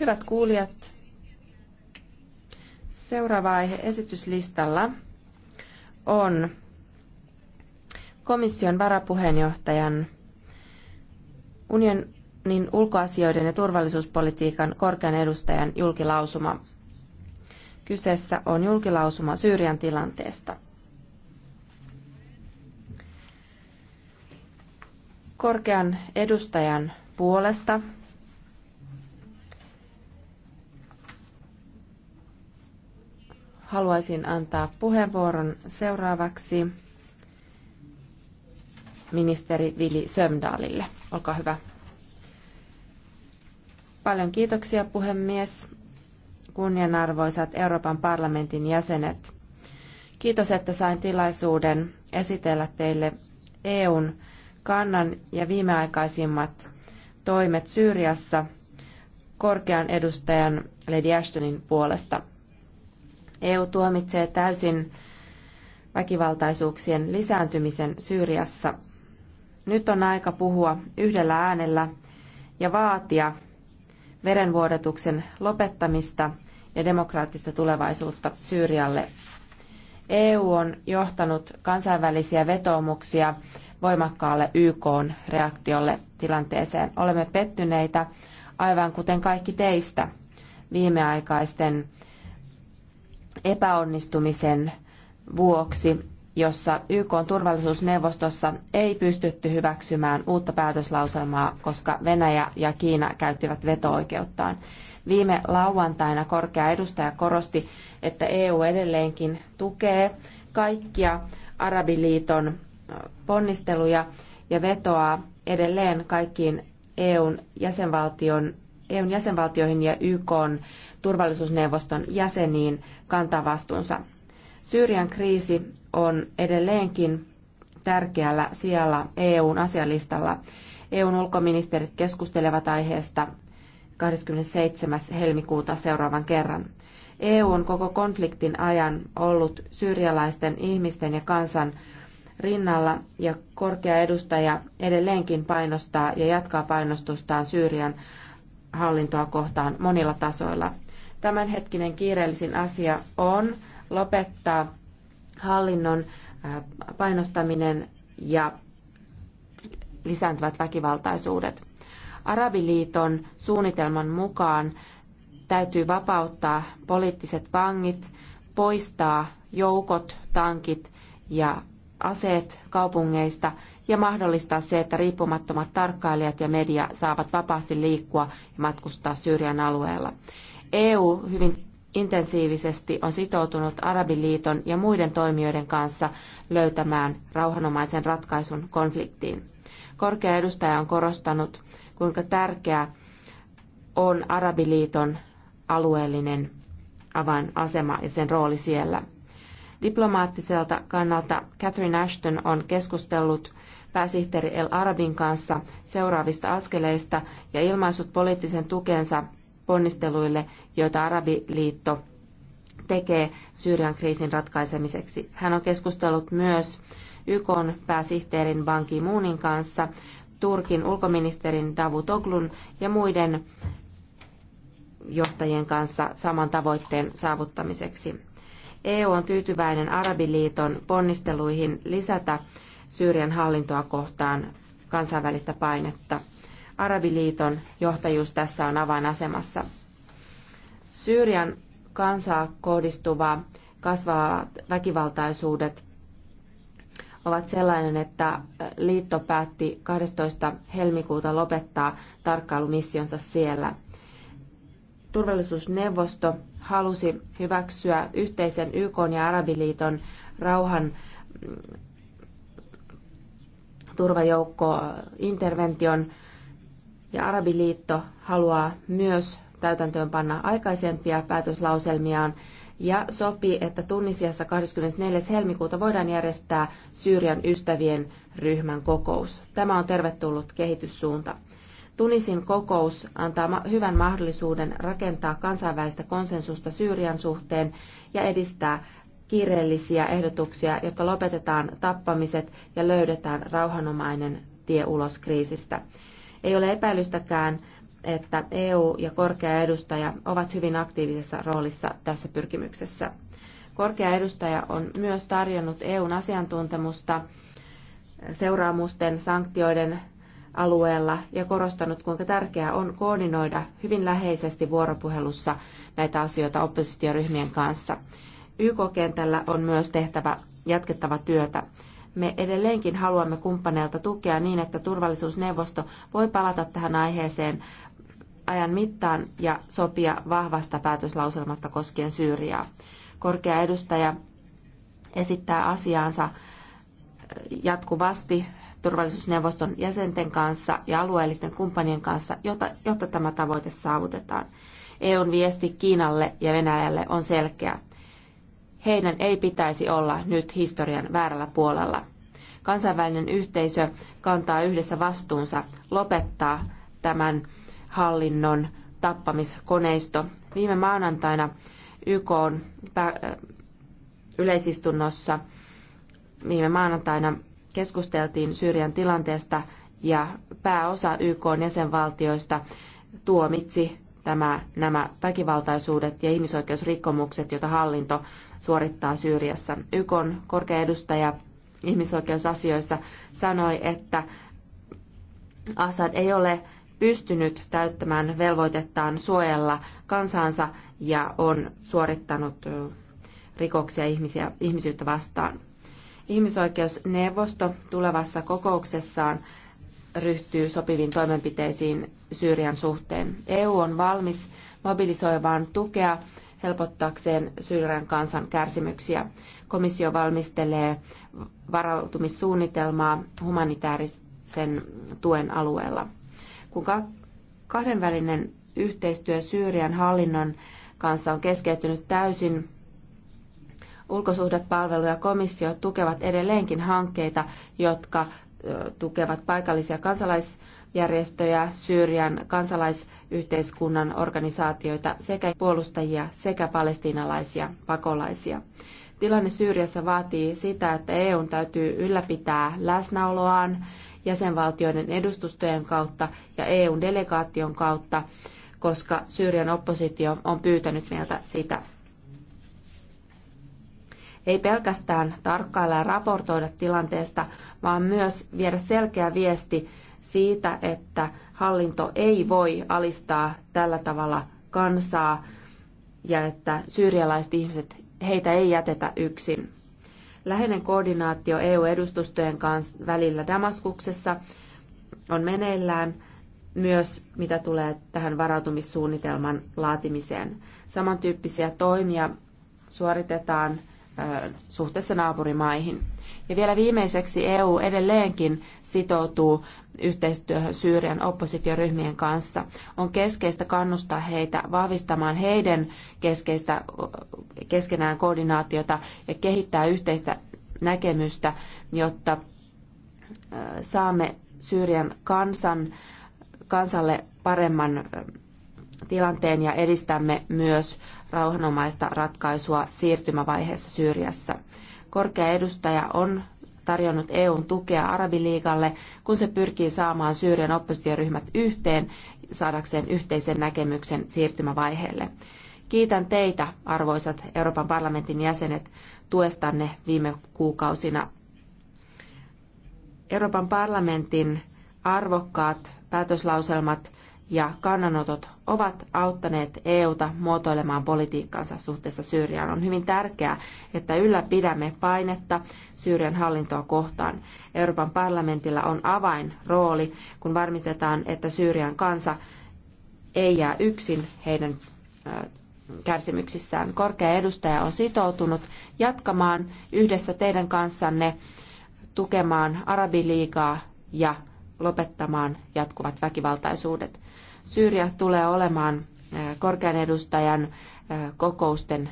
Hyvät kuulijat, seuraava aihe esityslistalla on komission varapuheenjohtajan unionin ulkoasioiden ja turvallisuuspolitiikan korkean edustajan julkilausuma. Kyseessä on julkilausuma Syyrian tilanteesta. korkean edustajan puolesta haluaisin antaa puheenvuoron seuraavaksi ministeri Vili Sömdalille. Olkaa hyvä. Paljon kiitoksia puhemies, kunnianarvoisat Euroopan parlamentin jäsenet. Kiitos, että sain tilaisuuden esitellä teille EUn kannan ja viimeaikaisimmat toimet Syyriassa korkean edustajan Lady Ashtonin puolesta. EU tuomitsee täysin väkivaltaisuuksien lisääntymisen Syyriassa. Nyt on aika puhua yhdellä äänellä ja vaatia verenvuodatuksen lopettamista ja demokraattista tulevaisuutta Syyrialle. EU on johtanut kansainvälisiä vetoomuksia voimakkaalle YK reaktiolle tilanteeseen. Olemme pettyneitä, aivan kuten kaikki teistä, viimeaikaisten epäonnistumisen vuoksi, jossa YK turvallisuusneuvostossa ei pystytty hyväksymään uutta päätöslauselmaa, koska Venäjä ja Kiina käyttivät veto-oikeuttaan. Viime lauantaina korkea edustaja korosti, että EU edelleenkin tukee kaikkia Arabiliiton ponnisteluja ja vetoaa edelleen kaikkiin EUn, jäsenvaltion, EUn jäsenvaltioihin ja YK turvallisuusneuvoston jäseniin kantaa vastuunsa. Syyrian kriisi on edelleenkin tärkeällä sijalla EUn asialistalla. EUn ulkoministerit keskustelevat aiheesta 27. helmikuuta seuraavan kerran. EU on koko konfliktin ajan ollut syyrialaisten ihmisten ja kansan rinnalla ja korkea edustaja edelleenkin painostaa ja jatkaa painostustaan Syyrian hallintoa kohtaan monilla tasoilla. Tämänhetkinen kiireellisin asia on lopettaa hallinnon painostaminen ja lisääntyvät väkivaltaisuudet. Arabiliiton suunnitelman mukaan täytyy vapauttaa poliittiset vangit, poistaa joukot, tankit ja aseet kaupungeista ja mahdollistaa se, että riippumattomat tarkkailijat ja media saavat vapaasti liikkua ja matkustaa Syyrian alueella. EU hyvin intensiivisesti on sitoutunut Arabiliiton ja muiden toimijoiden kanssa löytämään rauhanomaisen ratkaisun konfliktiin. Korkea edustaja on korostanut, kuinka tärkeä on Arabiliiton alueellinen avainasema ja sen rooli siellä – Diplomaattiselta kannalta Catherine Ashton on keskustellut pääsihteeri El Arabin kanssa seuraavista askeleista ja ilmaissut poliittisen tukensa ponnisteluille, joita Arabiliitto tekee Syyrian kriisin ratkaisemiseksi. Hän on keskustellut myös YK pääsihteerin Ban Ki-moonin kanssa, Turkin ulkoministerin Davutoglun ja muiden johtajien kanssa saman tavoitteen saavuttamiseksi. EU on tyytyväinen Arabiliiton ponnisteluihin lisätä Syyrian hallintoa kohtaan kansainvälistä painetta. Arabiliiton johtajuus tässä on avainasemassa. Syyrian kansaa kohdistuva kasvavat väkivaltaisuudet ovat sellainen, että liitto päätti 12. helmikuuta lopettaa tarkkailumissionsa siellä. Turvallisuusneuvosto halusi hyväksyä yhteisen YK ja Arabiliiton rauhan mm, turvajoukko äh, intervention ja Arabiliitto haluaa myös täytäntöönpanna aikaisempia päätöslauselmiaan ja sopii, että Tunisiassa 24. helmikuuta voidaan järjestää Syyrian ystävien ryhmän kokous. Tämä on tervetullut kehityssuunta. Tunisin kokous antaa hyvän mahdollisuuden rakentaa kansainvälistä konsensusta Syyrian suhteen ja edistää kiireellisiä ehdotuksia, jotta lopetetaan tappamiset ja löydetään rauhanomainen tie ulos kriisistä. Ei ole epäilystäkään, että EU ja korkea edustaja ovat hyvin aktiivisessa roolissa tässä pyrkimyksessä. Korkea edustaja on myös tarjonnut EUn asiantuntemusta seuraamusten, sanktioiden alueella ja korostanut, kuinka tärkeää on koordinoida hyvin läheisesti vuoropuhelussa näitä asioita oppositioryhmien kanssa. YK-kentällä on myös tehtävä jatkettava työtä. Me edelleenkin haluamme kumppaneilta tukea niin, että turvallisuusneuvosto voi palata tähän aiheeseen ajan mittaan ja sopia vahvasta päätöslauselmasta koskien Syyriaa. Korkea edustaja esittää asiaansa jatkuvasti turvallisuusneuvoston jäsenten kanssa ja alueellisten kumppanien kanssa, jotta, jotta tämä tavoite saavutetaan. EUn viesti Kiinalle ja Venäjälle on selkeä. Heidän ei pitäisi olla nyt historian väärällä puolella. Kansainvälinen yhteisö kantaa yhdessä vastuunsa lopettaa tämän hallinnon tappamiskoneisto. Viime maanantaina YK on yleisistunnossa viime maanantaina keskusteltiin Syyrian tilanteesta ja pääosa YK jäsenvaltioista tuomitsi tämä, nämä väkivaltaisuudet ja ihmisoikeusrikkomukset, joita hallinto suorittaa Syyriassa. YK korkea edustaja ihmisoikeusasioissa sanoi, että Assad ei ole pystynyt täyttämään velvoitettaan suojella kansansa ja on suorittanut rikoksia ihmisiä, ihmisyyttä vastaan. Ihmisoikeusneuvosto tulevassa kokouksessaan ryhtyy sopiviin toimenpiteisiin Syyrian suhteen. EU on valmis mobilisoimaan tukea helpottaakseen Syyrian kansan kärsimyksiä. Komissio valmistelee varautumissuunnitelmaa humanitaarisen tuen alueella. Kun kahdenvälinen yhteistyö Syyrian hallinnon kanssa on keskeytynyt täysin, Ulkosuhdepalvelu ja komissio tukevat edelleenkin hankkeita, jotka tukevat paikallisia kansalaisjärjestöjä, Syyrian kansalaisyhteiskunnan organisaatioita sekä puolustajia sekä palestiinalaisia pakolaisia. Tilanne Syyriassa vaatii sitä, että EUn täytyy ylläpitää läsnäoloaan jäsenvaltioiden edustustojen kautta ja EUn delegaation kautta, koska Syyrian oppositio on pyytänyt meiltä sitä ei pelkästään tarkkailla ja raportoida tilanteesta, vaan myös viedä selkeä viesti siitä, että hallinto ei voi alistaa tällä tavalla kansaa ja että syyrialaiset ihmiset, heitä ei jätetä yksin. Läheinen koordinaatio EU-edustustojen kanssa välillä Damaskuksessa on meneillään myös mitä tulee tähän varautumissuunnitelman laatimiseen. Samantyyppisiä toimia suoritetaan suhteessa naapurimaihin. Ja vielä viimeiseksi EU edelleenkin sitoutuu yhteistyöhön Syyrian oppositioryhmien kanssa. On keskeistä kannustaa heitä vahvistamaan heidän keskeistä, keskenään koordinaatiota ja kehittää yhteistä näkemystä, jotta saamme Syyrian kansan, kansalle paremman tilanteen ja edistämme myös rauhanomaista ratkaisua siirtymävaiheessa Syyriassa. Korkea edustaja on tarjonnut EUn tukea Arabiliigalle, kun se pyrkii saamaan Syyrian oppositioryhmät yhteen saadakseen yhteisen näkemyksen siirtymävaiheelle. Kiitän teitä, arvoisat Euroopan parlamentin jäsenet, tuestanne viime kuukausina. Euroopan parlamentin arvokkaat päätöslauselmat ja kannanotot ovat auttaneet EUta muotoilemaan politiikkansa suhteessa Syyriaan. On hyvin tärkeää, että ylläpidämme painetta Syyrian hallintoa kohtaan. Euroopan parlamentilla on avainrooli, kun varmistetaan, että Syyrian kansa ei jää yksin heidän kärsimyksissään. Korkea edustaja on sitoutunut jatkamaan yhdessä teidän kanssanne tukemaan Arabiliigaa ja lopettamaan jatkuvat väkivaltaisuudet. Syyria tulee olemaan korkean edustajan kokousten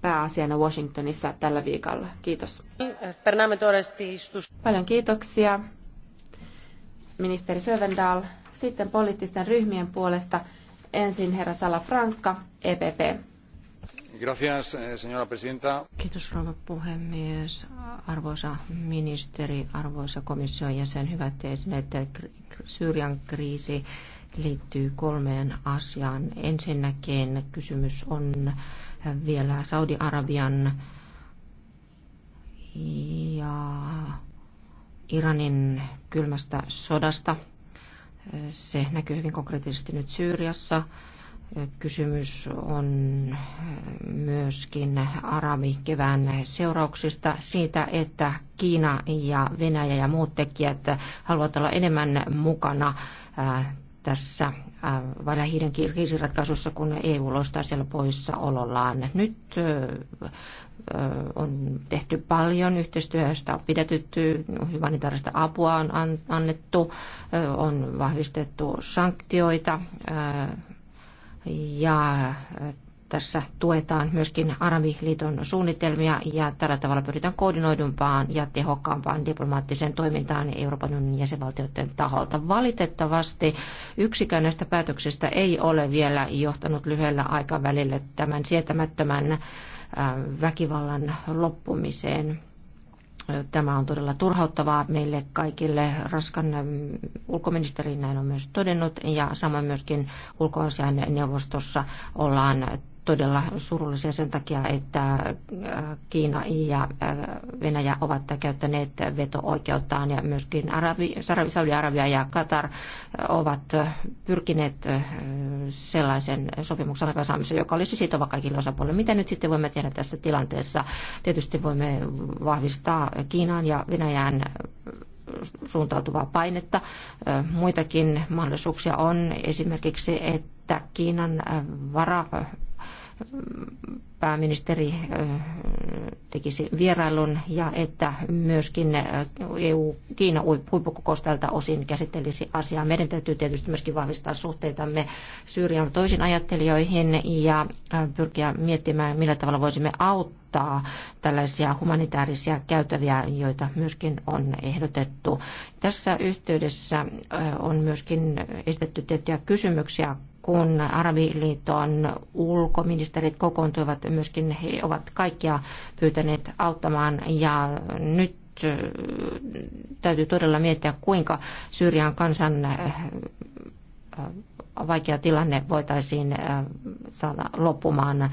pääasiana Washingtonissa tällä viikolla. Kiitos. Paljon kiitoksia, ministeri Sövendal. Sitten poliittisten ryhmien puolesta ensin herra Franka, EPP. Eh, señora presidenta. Kiitos rouva puhemies, arvoisa ministeri, arvoisa komission jäsen, hyvät esineet. Syyrian kriisi liittyy kolmeen asiaan. Ensinnäkin kysymys on vielä Saudi-Arabian ja Iranin kylmästä sodasta. Se näkyy hyvin konkreettisesti nyt Syyriassa. Kysymys on myöskin arabikevään seurauksista siitä, että Kiina ja Venäjä ja muut tekijät haluavat olla enemmän mukana äh, tässä äh, valahiiden kriisiratkaisussa, kun EU loistaa siellä olollaan. Nyt äh, on tehty paljon yhteistyöstä, on pidätytty, humanitaarista apua on annettu, on vahvistettu sanktioita ja tässä tuetaan myöskin Arabiliiton suunnitelmia ja tällä tavalla pyritään koordinoidumpaan ja tehokkaampaan diplomaattiseen toimintaan Euroopan unionin jäsenvaltioiden taholta. Valitettavasti yksikään näistä päätöksistä ei ole vielä johtanut lyhyellä aikavälillä tämän sietämättömän väkivallan loppumiseen. Tämä on todella turhauttavaa meille kaikille. Raskan mm, ulkoministeri näin on myös todennut ja sama myöskin ulkoasian neuvostossa ollaan todella surullisia sen takia, että äh, Kiina ja äh, Venäjä ovat käyttäneet veto-oikeuttaan ja myöskin Arabi, Saudi-Arabia ja Katar äh, ovat pyrkineet sellaisen sopimuksen aikaansaamiseen, joka olisi sitova kaikille osapuolille. Mitä nyt sitten voimme tehdä tässä tilanteessa? Tietysti voimme vahvistaa Kiinaan ja Venäjään suuntautuvaa painetta. Muitakin mahdollisuuksia on esimerkiksi, että Kiinan vara pääministeri äh, tekisi vierailun ja että myöskin äh, EU-Kiina huippukokous tältä osin käsittelisi asiaa. Meidän täytyy tietysti myöskin vahvistaa suhteitamme Syyrian toisin ajattelijoihin ja äh, pyrkiä miettimään, millä tavalla voisimme auttaa tällaisia humanitaarisia käytäviä, joita myöskin on ehdotettu. Tässä yhteydessä on myöskin esitetty tiettyjä kysymyksiä kun Arabiliiton ulkoministerit kokoontuivat, myöskin he ovat kaikkia pyytäneet auttamaan ja nyt äh, täytyy todella miettiä, kuinka Syyrian kansan äh, vaikea tilanne voitaisiin äh, saada loppumaan.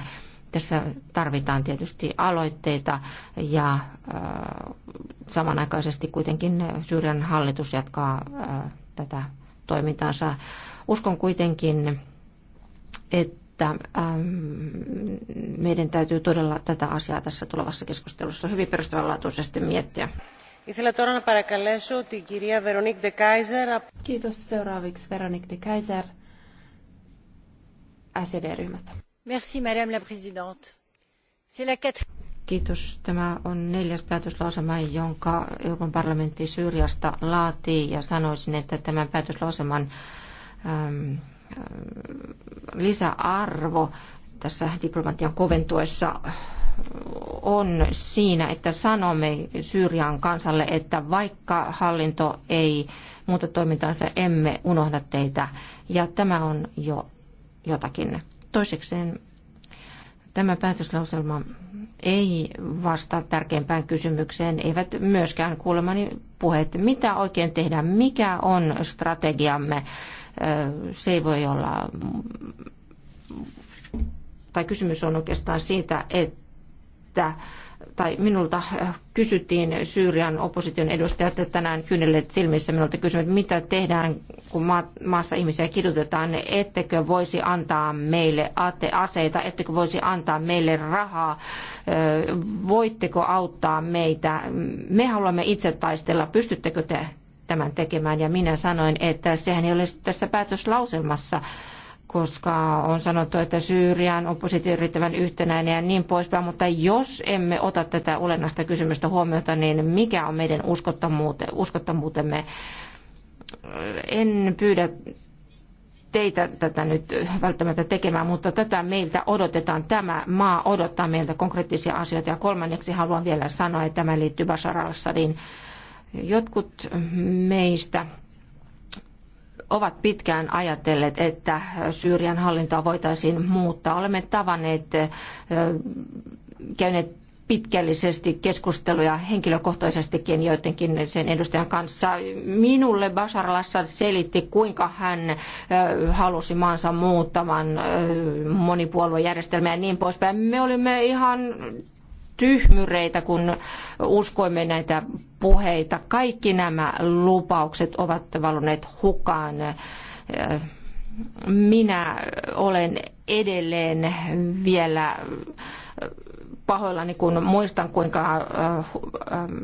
Tässä tarvitaan tietysti aloitteita ja samanaikaisesti kuitenkin Syyrian hallitus jatkaa tätä toimintaansa Uskon kuitenkin, että ähm, meidän täytyy todella tätä asiaa tässä tulevassa keskustelussa hyvin perustavanlaatuisesti miettiä. Kaiser. Kiitos seuraaviksi Veronique De Kaiser SED-ryhmästä. Merci madame la présidente. C'est la Kiitos. Tämä on neljäs päätöslausema, jonka Euroopan parlamentti Syyriasta laatii ja sanoisin, että tämän päätöslauseman Ähm, äh, lisäarvo tässä diplomatian koventuessa on siinä, että sanomme Syyrian kansalle, että vaikka hallinto ei muuta toimintaansa, emme unohda teitä. Ja tämä on jo jotakin. Toisekseen tämä päätöslauselma ei vastaa tärkeimpään kysymykseen, eivät myöskään kuulemani puheet, mitä oikein tehdään, mikä on strategiamme se ei voi olla, tai kysymys on oikeastaan siitä, että tai minulta kysyttiin Syyrian opposition edustajat tänään kyynelleet silmissä minulta kysyivät, mitä tehdään, kun maassa ihmisiä kidutetaan, ettekö voisi antaa meille aseita, ettekö voisi antaa meille rahaa, voitteko auttaa meitä, me haluamme itse taistella, pystyttekö te tämän tekemään. Ja minä sanoin, että sehän ei ole tässä päätöslauselmassa koska on sanottu, että Syyrian oppositio on riittävän yhtenäinen ja niin poispäin, mutta jos emme ota tätä olennaista kysymystä huomiota, niin mikä on meidän uskottamuutemme? En pyydä teitä tätä nyt välttämättä tekemään, mutta tätä meiltä odotetaan. Tämä maa odottaa meiltä konkreettisia asioita. Ja kolmanneksi haluan vielä sanoa, että tämä liittyy Bashar al-Assadin Jotkut meistä ovat pitkään ajatelleet, että Syyrian hallintoa voitaisiin muuttaa. Olemme tavanneet, käyneet pitkällisesti keskusteluja henkilökohtaisestikin joidenkin sen edustajan kanssa. Minulle Bashar al-Assad selitti, kuinka hän halusi maansa muuttamaan monipuoluejärjestelmää ja niin poispäin. Me olimme ihan tyhmyreitä, kun uskoimme näitä puheita. Kaikki nämä lupaukset ovat valuneet hukaan. Minä olen edelleen vielä pahoillani, kun muistan, kuinka äh, ähm,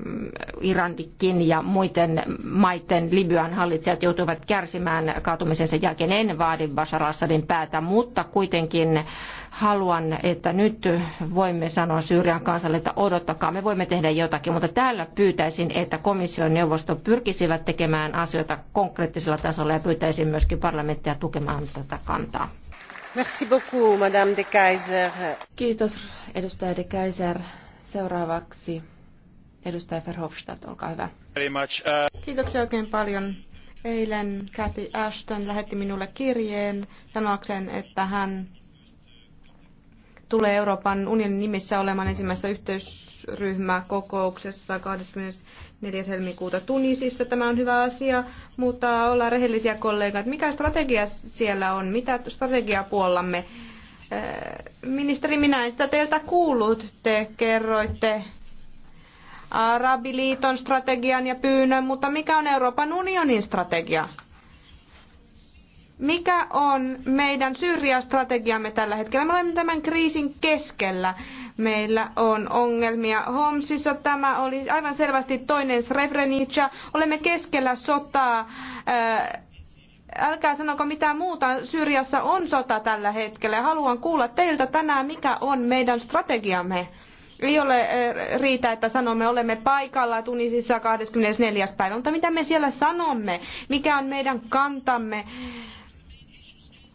Irandikin ja muiden maiden Libyan hallitsijat joutuivat kärsimään kaatumisensa jälkeen. En vaadi Bashar Assadin päätä, mutta kuitenkin haluan, että nyt voimme sanoa Syyrian kansalle, että odottakaa, me voimme tehdä jotakin, mutta täällä pyytäisin, että komission neuvosto pyrkisivät tekemään asioita konkreettisella tasolla ja pyytäisin myöskin parlamenttia tukemaan tätä kantaa. Merci beaucoup, Madame de Kaiser. Kiitos, edustaja de Kaiser. Seuraavaksi edustaja Verhofstadt, olkaa hyvä. Very much, uh... Kiitoksia oikein paljon. Eilen Kathy Ashton lähetti minulle kirjeen sanoakseen, että hän tulee Euroopan unionin nimissä olemaan ensimmäisessä yhteysryhmäkokouksessa 24. 4. helmikuuta Tunisissa. Tämä on hyvä asia, mutta ollaan rehellisiä kollegat. Mikä strategia siellä on? Mitä strategia puollamme? Äh, ministeri, minä en sitä teiltä kuullut. Te kerroitte Arabiliiton strategian ja pyynnön, mutta mikä on Euroopan unionin strategia? Mikä on meidän syrjästrategiamme tällä hetkellä? Me olemme tämän kriisin keskellä meillä on ongelmia. Homsissa tämä oli aivan selvästi toinen Srebrenica. Olemme keskellä sotaa. Äh, älkää sanoko mitään muuta. Syyriassa on sota tällä hetkellä. Haluan kuulla teiltä tänään, mikä on meidän strategiamme ei ole äh, riitä, että sanomme olemme paikalla Tunisissa 24. päivä, mutta mitä me siellä sanomme, mikä on meidän kantamme,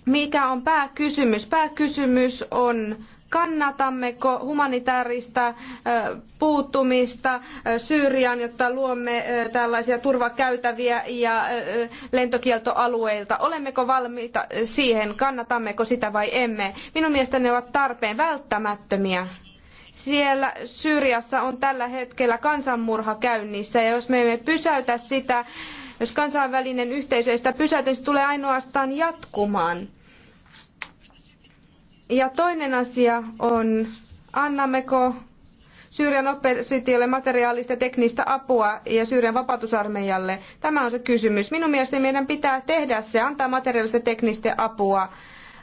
mikä on pääkysymys. Pääkysymys on kannatammeko humanitaarista puuttumista Syyriaan, jotta luomme tällaisia turvakäytäviä ja lentokieltoalueilta. Olemmeko valmiita siihen, kannatammeko sitä vai emme? Minun mielestäni ne ovat tarpeen välttämättömiä siellä Syyriassa on tällä hetkellä kansanmurha käynnissä ja jos me emme pysäytä sitä, jos kansainvälinen yhteisö ei sitä pysäytä, niin se tulee ainoastaan jatkumaan. Ja toinen asia on, annammeko Syyrian oppositiolle materiaalista teknistä apua ja Syyrian vapautusarmeijalle? Tämä on se kysymys. Minun mielestäni meidän pitää tehdä se, antaa materiaalista teknistä apua.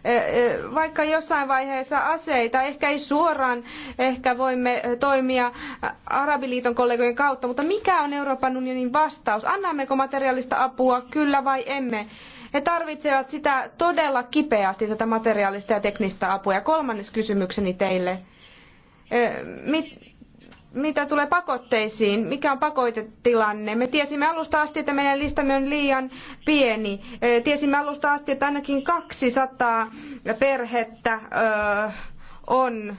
Eh, eh, vaikka jossain vaiheessa aseita, ehkä ei suoraan, ehkä voimme toimia Arabiliiton kollegojen kautta, mutta mikä on Euroopan unionin vastaus? Annammeko materiaalista apua, kyllä vai emme? He tarvitsevat sitä todella kipeästi, tätä materiaalista ja teknistä apua. Ja kolmannes kysymykseni teille. Mit, mitä tulee pakotteisiin, mikä on pakotetilanne? Me tiesimme alusta asti, että meidän listamme on liian pieni. Tiesimme alusta asti, että ainakin 200 perhettä on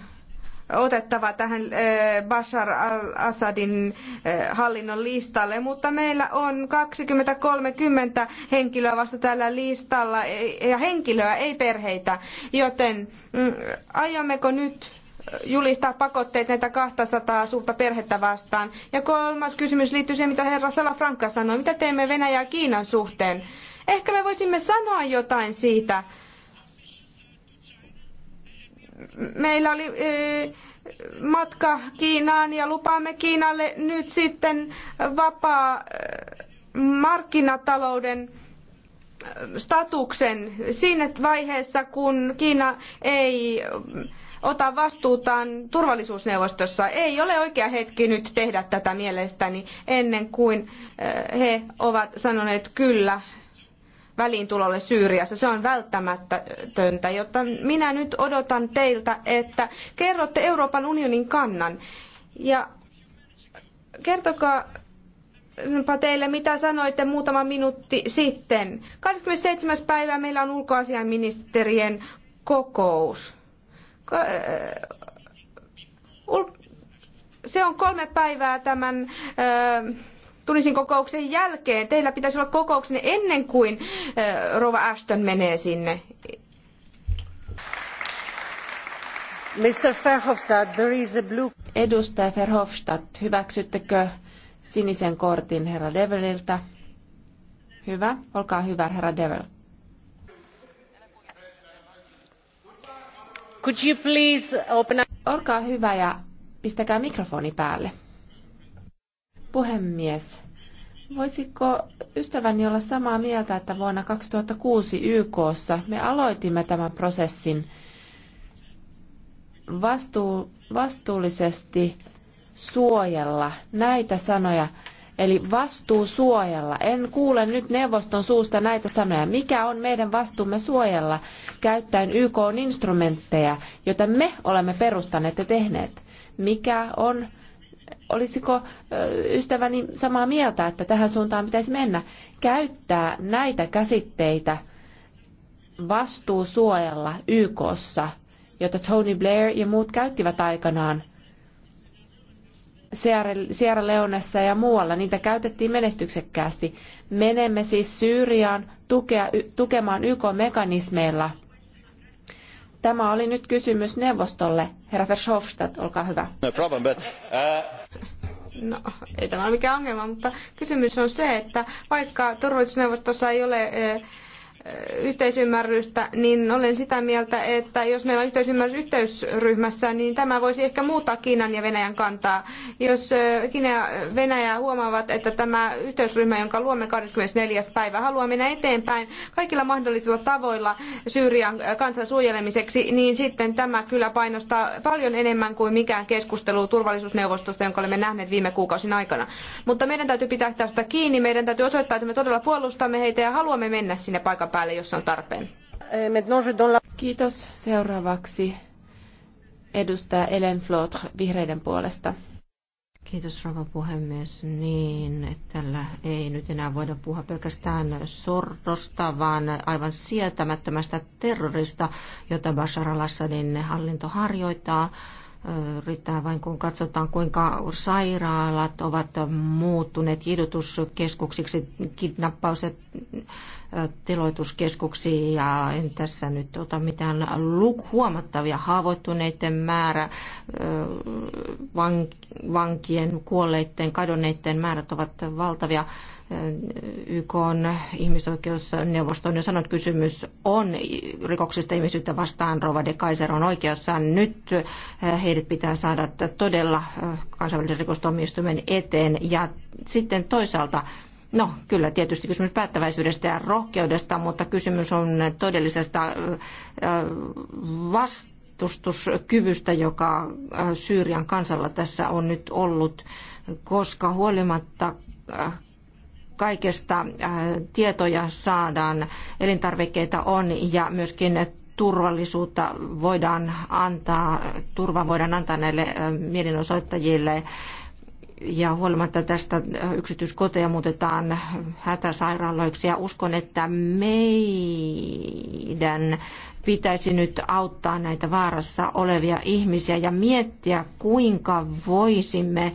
otettava tähän eh, Bashar al-Assadin eh, hallinnon listalle, mutta meillä on 20-30 henkilöä vasta tällä listalla e, ja henkilöä, ei perheitä, joten mm, aiommeko nyt julistaa pakotteet näitä 200 suurta perhettä vastaan? Ja kolmas kysymys liittyy siihen, mitä herra Salafranca sanoi. Mitä teemme Venäjän ja Kiinan suhteen? Ehkä me voisimme sanoa jotain siitä, meillä oli matka Kiinaan ja lupaamme Kiinalle nyt sitten vapaa markkinatalouden statuksen siinä vaiheessa, kun Kiina ei ota vastuutaan turvallisuusneuvostossa. Ei ole oikea hetki nyt tehdä tätä mielestäni ennen kuin he ovat sanoneet kyllä väliintulolle Syyriassa. Se on välttämätöntä, jotta minä nyt odotan teiltä, että kerrotte Euroopan unionin kannan. Ja kertokaa teille, mitä sanoitte muutama minuutti sitten. 27. päivä meillä on ulkoasiainministerien kokous. Se on kolme päivää tämän Tunisin kokouksen jälkeen. Teillä pitäisi olla kokouksenne ennen kuin Rova Ashton menee sinne. Mr. Verhofstadt, there is a blue... Edustaja Verhofstadt, hyväksyttekö sinisen kortin herra Develiltä? Hyvä, olkaa hyvä herra Devel. Could you please open up... Olkaa hyvä ja pistäkää mikrofoni päälle. Puhemies, voisiko ystäväni olla samaa mieltä, että vuonna 2006 YKssa me aloitimme tämän prosessin vastuu, vastuullisesti suojella näitä sanoja, eli vastuu suojella. En kuule nyt neuvoston suusta näitä sanoja. Mikä on meidän vastuumme suojella käyttäen YK instrumentteja, joita me olemme perustaneet ja tehneet? Mikä on olisiko ystäväni samaa mieltä, että tähän suuntaan pitäisi mennä? Käyttää näitä käsitteitä vastuu suojella YKssa, jota Tony Blair ja muut käyttivät aikanaan Sierra Leonessa ja muualla. Niitä käytettiin menestyksekkäästi. Menemme siis Syyriaan tukea, tukemaan YK-mekanismeilla – Tämä oli nyt kysymys neuvostolle. Herra Verhofstadt, olkaa hyvä. No problem, but, uh... No, ei tämä ole mikään ongelma, mutta kysymys on se, että vaikka turvallisuusneuvostossa ei ole... Uh, yhteisymmärrystä, niin olen sitä mieltä, että jos meillä on yhteisymmärrys yhteysryhmässä, niin tämä voisi ehkä muuttaa Kiinan ja Venäjän kantaa. Jos Kiina ja Venäjä huomaavat, että tämä yhteysryhmä, jonka luomme 24. päivä, haluaa mennä eteenpäin kaikilla mahdollisilla tavoilla Syyrian kansan suojelemiseksi, niin sitten tämä kyllä painostaa paljon enemmän kuin mikään keskustelu turvallisuusneuvostosta, jonka olemme nähneet viime kuukausin aikana. Mutta meidän täytyy pitää tästä kiinni, meidän täytyy osoittaa, että me todella puolustamme heitä ja haluamme mennä sinne paikan päälle päälle, jos on tarpeen. Kiitos. Seuraavaksi edustaja Ellen Flotre vihreiden puolesta. Kiitos rouva puhemies. Niin, tällä ei nyt enää voida puhua pelkästään sorrosta, vaan aivan sietämättömästä terrorista, jota Bashar al-Assadin hallinto harjoittaa Riittää vain kun katsotaan, kuinka sairaalat ovat muuttuneet kidutuskeskuksiksi, kidnappaus- ja teloituskeskuksiin. Ja en tässä nyt ota mitään huomattavia haavoittuneiden määrä, vankien, kuolleiden, kadonneiden määrät ovat valtavia. YK on ihmisoikeusneuvoston sanonut että kysymys on rikoksista ihmisyyttä vastaan. Rova de Kaiser on oikeassa. nyt. Eh, heidät pitää saada todella eh, kansainvälisen rikostuomioistuimen eteen. Ja sitten toisaalta No kyllä, tietysti kysymys päättäväisyydestä ja rohkeudesta, mutta kysymys on todellisesta eh, vastustuskyvystä, joka Syyrian kansalla tässä on nyt ollut, koska huolimatta kaikesta äh, tietoja saadaan, elintarvikkeita on ja myöskin turvallisuutta voidaan antaa, turva voidaan antaa näille äh, mielenosoittajille. Ja huolimatta tästä äh, yksityiskoteja muutetaan hätäsairaaloiksi ja uskon, että meidän pitäisi nyt auttaa näitä vaarassa olevia ihmisiä ja miettiä, kuinka voisimme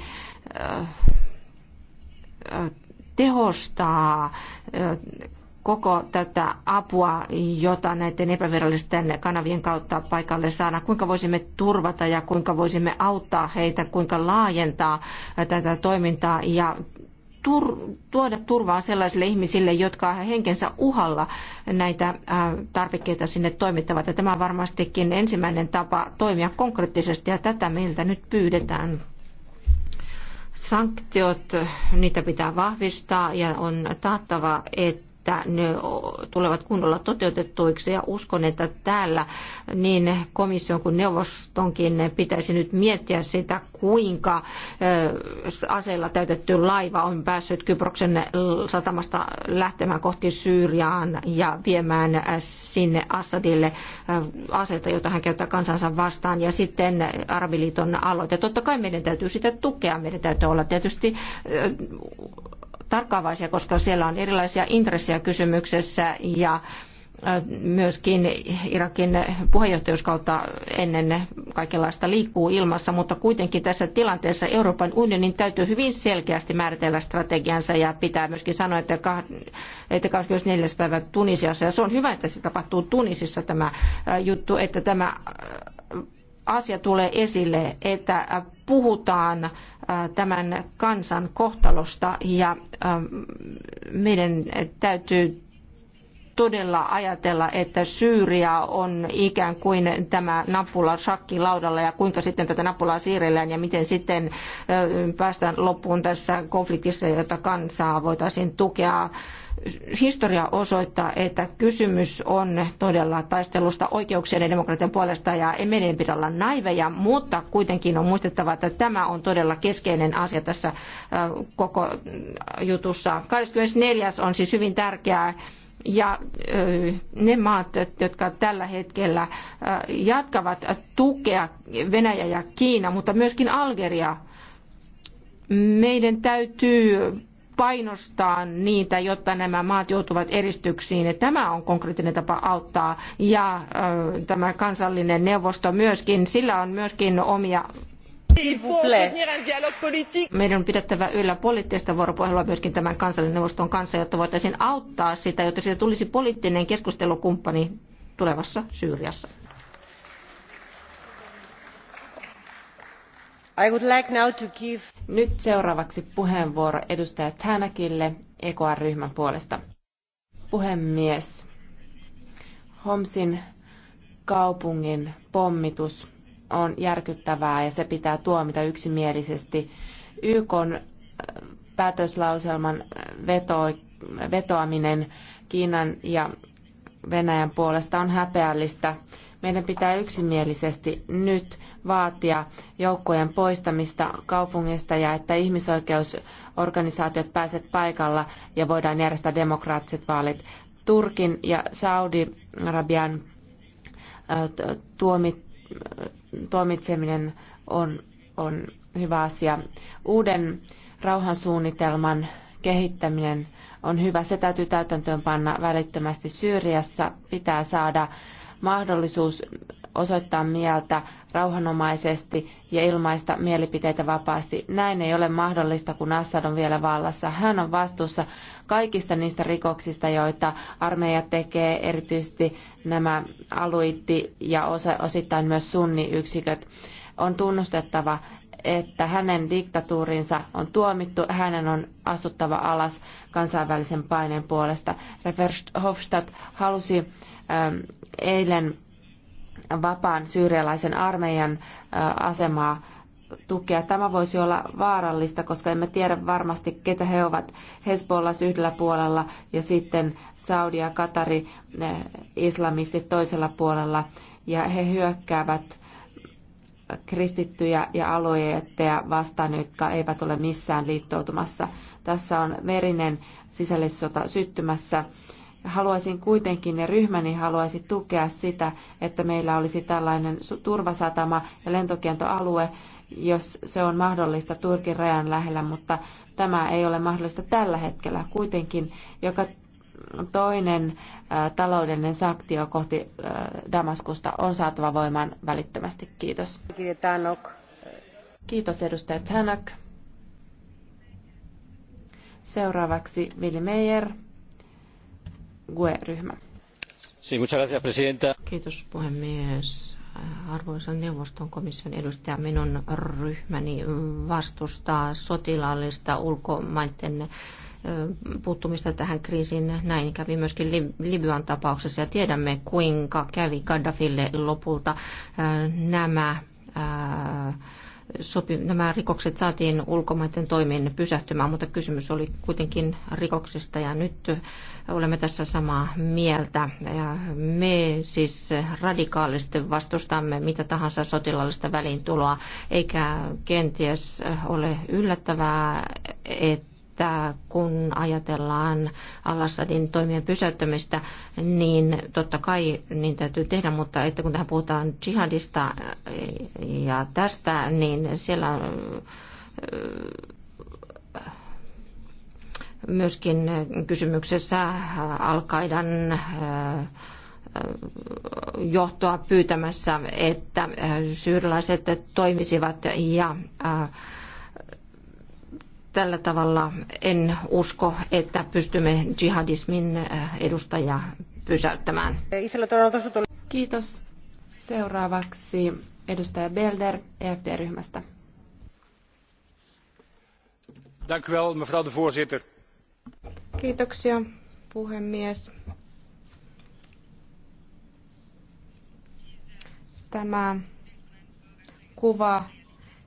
tehostaa koko tätä apua, jota näiden epävirallisten kanavien kautta paikalle saadaan, kuinka voisimme turvata ja kuinka voisimme auttaa heitä, kuinka laajentaa tätä toimintaa ja tur- tuoda turvaa sellaisille ihmisille, jotka henkensä uhalla näitä tarvikkeita sinne toimittavat. Ja tämä on varmastikin ensimmäinen tapa toimia konkreettisesti ja tätä meiltä nyt pyydetään. Sanktiot, niitä pitää vahvistaa ja on taattava, että että ne tulevat kunnolla toteutettuiksi ja uskon, että täällä niin komission kuin neuvostonkin pitäisi nyt miettiä sitä, kuinka aseella täytetty laiva on päässyt Kyproksen satamasta lähtemään kohti Syyriaan ja viemään sinne Assadille aseita, joita hän käyttää kansansa vastaan ja sitten Arabiliiton aloite. Totta kai meidän täytyy sitä tukea, meidän täytyy olla tietysti tarkkaavaisia, koska siellä on erilaisia intressejä kysymyksessä ja äh, myöskin Irakin puheenjohtajuuskautta ennen kaikenlaista liikkuu ilmassa, mutta kuitenkin tässä tilanteessa Euroopan unionin täytyy hyvin selkeästi määritellä strategiansa ja pitää myöskin sanoa, että, kah- 24. päivä Tunisiassa, ja se on hyvä, että se tapahtuu Tunisissa tämä äh, juttu, että tämä äh, asia tulee esille, että äh, puhutaan äh, tämän kansan kohtalosta ja ähm, meidän täytyy todella ajatella, että Syyria on ikään kuin tämä nappula shakkilaudalla ja kuinka sitten tätä nappulaa siirrellään ja miten sitten äh, päästään loppuun tässä konfliktissa, jota kansaa voitaisiin tukea Historia osoittaa, että kysymys on todella taistelusta oikeuksien ja demokratian puolesta ja ei pidä olla naiveja, mutta kuitenkin on muistettava, että tämä on todella keskeinen asia tässä äh, koko jutussa. 24. on siis hyvin tärkeää ja äh, ne maat, jotka tällä hetkellä äh, jatkavat tukea Venäjä ja Kiina, mutta myöskin Algeria, meidän täytyy painostaa niitä, jotta nämä maat joutuvat eristyksiin. Ja tämä on konkreettinen tapa auttaa. Ja tämä kansallinen neuvosto myöskin, sillä on myöskin omia meidän on pidettävä yllä poliittista vuoropuhelua myöskin tämän kansallinen neuvoston kanssa, jotta voitaisiin auttaa sitä, jotta siitä tulisi poliittinen keskustelukumppani tulevassa Syyriassa. Nyt seuraavaksi puheenvuoro edustaja Tänäkille EKR-ryhmän puolesta. Puhemies, Homsin kaupungin pommitus on järkyttävää ja se pitää tuomita yksimielisesti. YK on äh, päätöslauselman äh, veto, äh, vetoaminen Kiinan ja Venäjän puolesta on häpeällistä meidän pitää yksimielisesti nyt vaatia joukkojen poistamista kaupungista ja että ihmisoikeusorganisaatiot pääset paikalla ja voidaan järjestää demokraattiset vaalit. Turkin ja Saudi-Arabian tuomitseminen on, on hyvä asia. Uuden rauhansuunnitelman kehittäminen on hyvä. Se täytyy täytäntöön panna välittömästi Syyriassa. Pitää saada mahdollisuus osoittaa mieltä rauhanomaisesti ja ilmaista mielipiteitä vapaasti. Näin ei ole mahdollista, kun Assad on vielä vallassa. Hän on vastuussa kaikista niistä rikoksista, joita armeija tekee, erityisesti nämä aluitti ja osittain myös sunniyksiköt. On tunnustettava, että hänen diktatuurinsa on tuomittu, hänen on astuttava alas kansainvälisen paineen puolesta. Hofstad halusi ähm, eilen vapaan syyrialaisen armeijan asemaa tukea. Tämä voisi olla vaarallista, koska emme tiedä varmasti, ketä he ovat Hezbollas yhdellä puolella ja sitten Saudi ja Katari islamistit toisella puolella. Ja he hyökkäävät kristittyjä ja alueetteja vastaan, jotka eivät ole missään liittoutumassa. Tässä on verinen sisällissota syttymässä haluaisin kuitenkin ja ryhmäni haluaisi tukea sitä, että meillä olisi tällainen turvasatama ja lentokientoalue, jos se on mahdollista Turkin rajan lähellä, mutta tämä ei ole mahdollista tällä hetkellä. Kuitenkin joka toinen taloudellinen sanktio kohti Damaskusta on saatava voimaan välittömästi. Kiitos. Kiitos edustaja Tanak. Seuraavaksi Willi Meijer. GUE-ryhmä. Kiitos puhemies. Arvoisa neuvoston komission edustaja, minun ryhmäni vastustaa sotilaallista ulkomaiden puuttumista tähän kriisiin. Näin kävi myöskin Libyan tapauksessa ja tiedämme, kuinka kävi Gaddafille lopulta nämä ää, sopi, nämä rikokset saatiin ulkomaiden toimin pysähtymään, mutta kysymys oli kuitenkin rikoksista ja nyt olemme tässä samaa mieltä. Ja me siis radikaalisti vastustamme mitä tahansa sotilaallista väliintuloa, eikä kenties ole yllättävää, että että kun ajatellaan Al-Assadin toimien pysäyttämistä, niin totta kai niin täytyy tehdä, mutta että kun tähän puhutaan jihadista eh, ja tästä, niin siellä eh, myöskin kysymyksessä Al-Qaidan eh, johtoa pyytämässä, että syyrialaiset toimisivat ja äh, tällä tavalla en usko, että pystymme jihadismin eh, edustajia pysäyttämään. Kiitos. Seuraavaksi edustaja Belder EFD-ryhmästä. Dank u wel, mevrouw de voorzitter. Kiitoksia, puhemies. Tämä kuva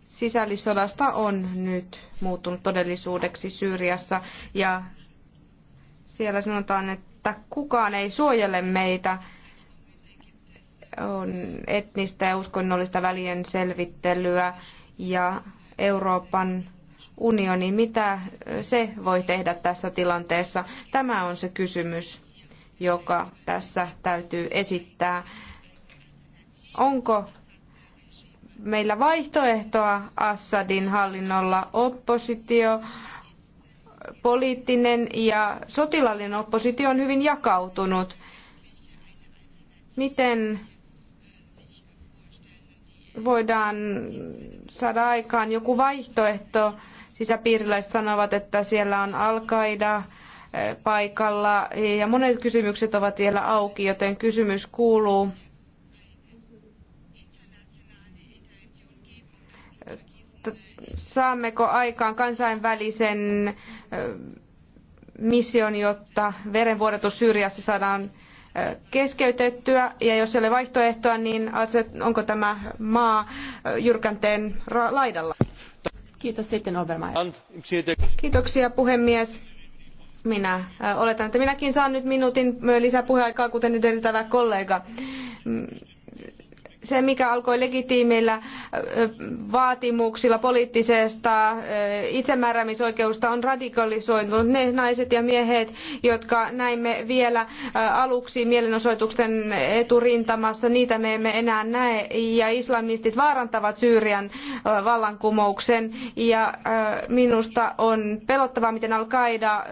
sisällissodasta on nyt muuttunut todellisuudeksi Syyriassa ja siellä sanotaan, että kukaan ei suojele meitä on etnistä ja uskonnollista välien selvittelyä ja Euroopan unioni, mitä se voi tehdä tässä tilanteessa? Tämä on se kysymys, joka tässä täytyy esittää. Onko meillä vaihtoehtoa Assadin hallinnolla oppositio, poliittinen ja sotilallinen oppositio on hyvin jakautunut. Miten voidaan saada aikaan joku vaihtoehto? Sisäpiiriläiset sanovat, että siellä on Al-Qaida eh, paikalla ja monet kysymykset ovat vielä auki, joten kysymys kuuluu, saammeko aikaan kansainvälisen mission, jotta verenvuodatus Syyriassa saadaan keskeytettyä, ja jos ei ole vaihtoehtoa, niin onko tämä maa jyrkänteen laidalla? Kiitos sitten Obermeier. Kiitoksia puhemies. Minä oletan, että minäkin saan nyt minuutin lisäpuheaikaa, kuten edeltävä kollega mm, se, mikä alkoi legitiimillä vaatimuksilla poliittisesta itsemääräämisoikeusta, on radikalisoitunut ne naiset ja miehet, jotka näimme vielä aluksi mielenosoitusten eturintamassa. Niitä me emme enää näe ja islamistit vaarantavat Syyrian vallankumouksen ja minusta on pelottavaa, miten Al-Qaida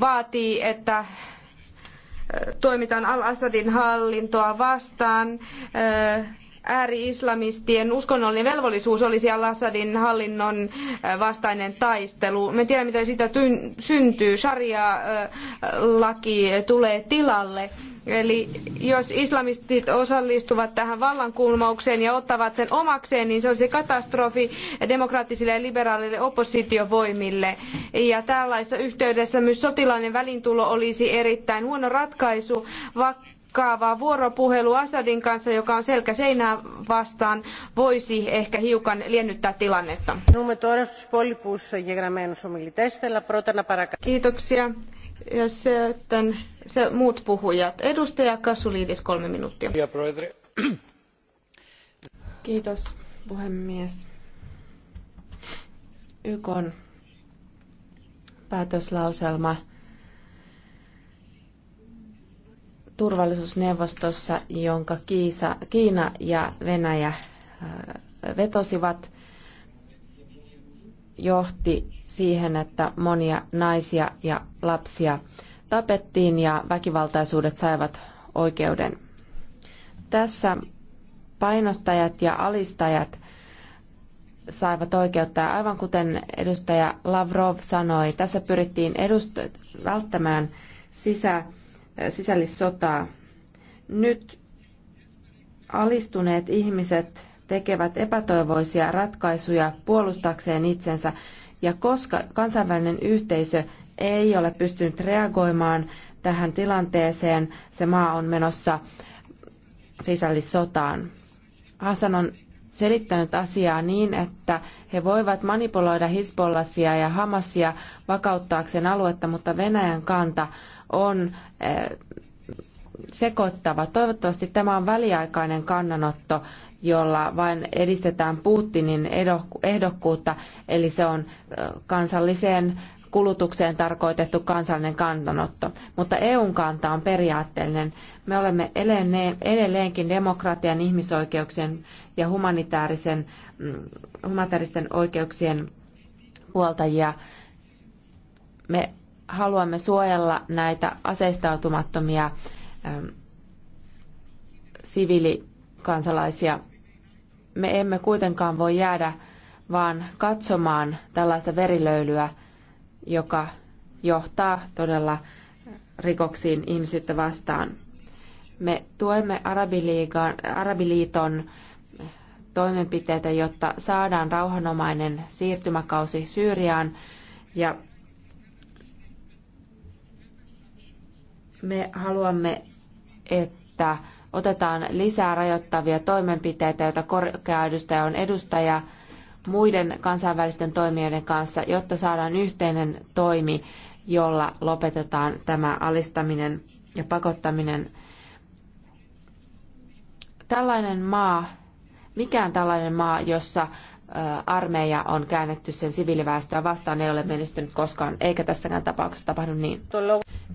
vaatii, että toimitaan al-Assadin hallintoa vastaan. Ää, ääri-islamistien uskonnollinen velvollisuus olisi Al-Assadin hallinnon vastainen taistelu. Me tiedämme, mitä siitä syntyy. Sharia-laki tulee tilalle. Eli jos islamistit osallistuvat tähän vallankumoukseen ja ottavat sen omakseen, niin se olisi katastrofi demokraattisille ja liberaaleille oppositiovoimille. Ja tällaisessa yhteydessä myös sotilainen välintulo olisi erittäin huono ratkaisu, vaikka vakavaa vuoropuhelu Assadin kanssa, joka on selkä seinää vastaan, voisi ehkä hiukan liennyttää tilannetta. Kiitoksia. Ja sitten se muut puhujat. Edustaja Kassulidis, kolme minuuttia. Kiitos, puhemies. YK on päätöslauselma turvallisuusneuvostossa, jonka Kiisa, Kiina ja Venäjä äh, vetosivat, johti siihen, että monia naisia ja lapsia tapettiin ja väkivaltaisuudet saivat oikeuden. Tässä painostajat ja alistajat saivat oikeutta. Ja aivan kuten edustaja Lavrov sanoi, tässä pyrittiin edust- välttämään sisä- sisällissotaa. Nyt alistuneet ihmiset tekevät epätoivoisia ratkaisuja puolustakseen itsensä, ja koska kansainvälinen yhteisö ei ole pystynyt reagoimaan tähän tilanteeseen, se maa on menossa sisällissotaan. Hassan on selittänyt asiaa niin, että he voivat manipuloida Hisbollasia ja Hamasia vakauttaakseen aluetta, mutta Venäjän kanta on eh, sekoittava. Toivottavasti tämä on väliaikainen kannanotto, jolla vain edistetään Putinin ehdokkuutta, eli se on eh, kansalliseen kulutukseen tarkoitettu kansallinen kannanotto. Mutta EUn kanta on periaatteellinen. Me olemme edelleenkin demokratian, ihmisoikeuksien ja humanitaarisen, mm, humanitaaristen oikeuksien puoltajia. Me haluamme suojella näitä aseistautumattomia ähm, siviilikansalaisia. Me emme kuitenkaan voi jäädä vaan katsomaan tällaista verilöylyä, joka johtaa todella rikoksiin ihmisyyttä vastaan. Me tuemme Arabiliiton toimenpiteitä, jotta saadaan rauhanomainen siirtymäkausi Syyriaan ja Me haluamme, että otetaan lisää rajoittavia toimenpiteitä, joita korkea edustaja on edustaja muiden kansainvälisten toimijoiden kanssa, jotta saadaan yhteinen toimi, jolla lopetetaan tämä alistaminen ja pakottaminen. Tällainen maa, mikään tällainen maa, jossa armeija on käännetty sen siviiliväestöä vastaan, ei ole menestynyt koskaan, eikä tässäkään tapauksessa tapahdu niin.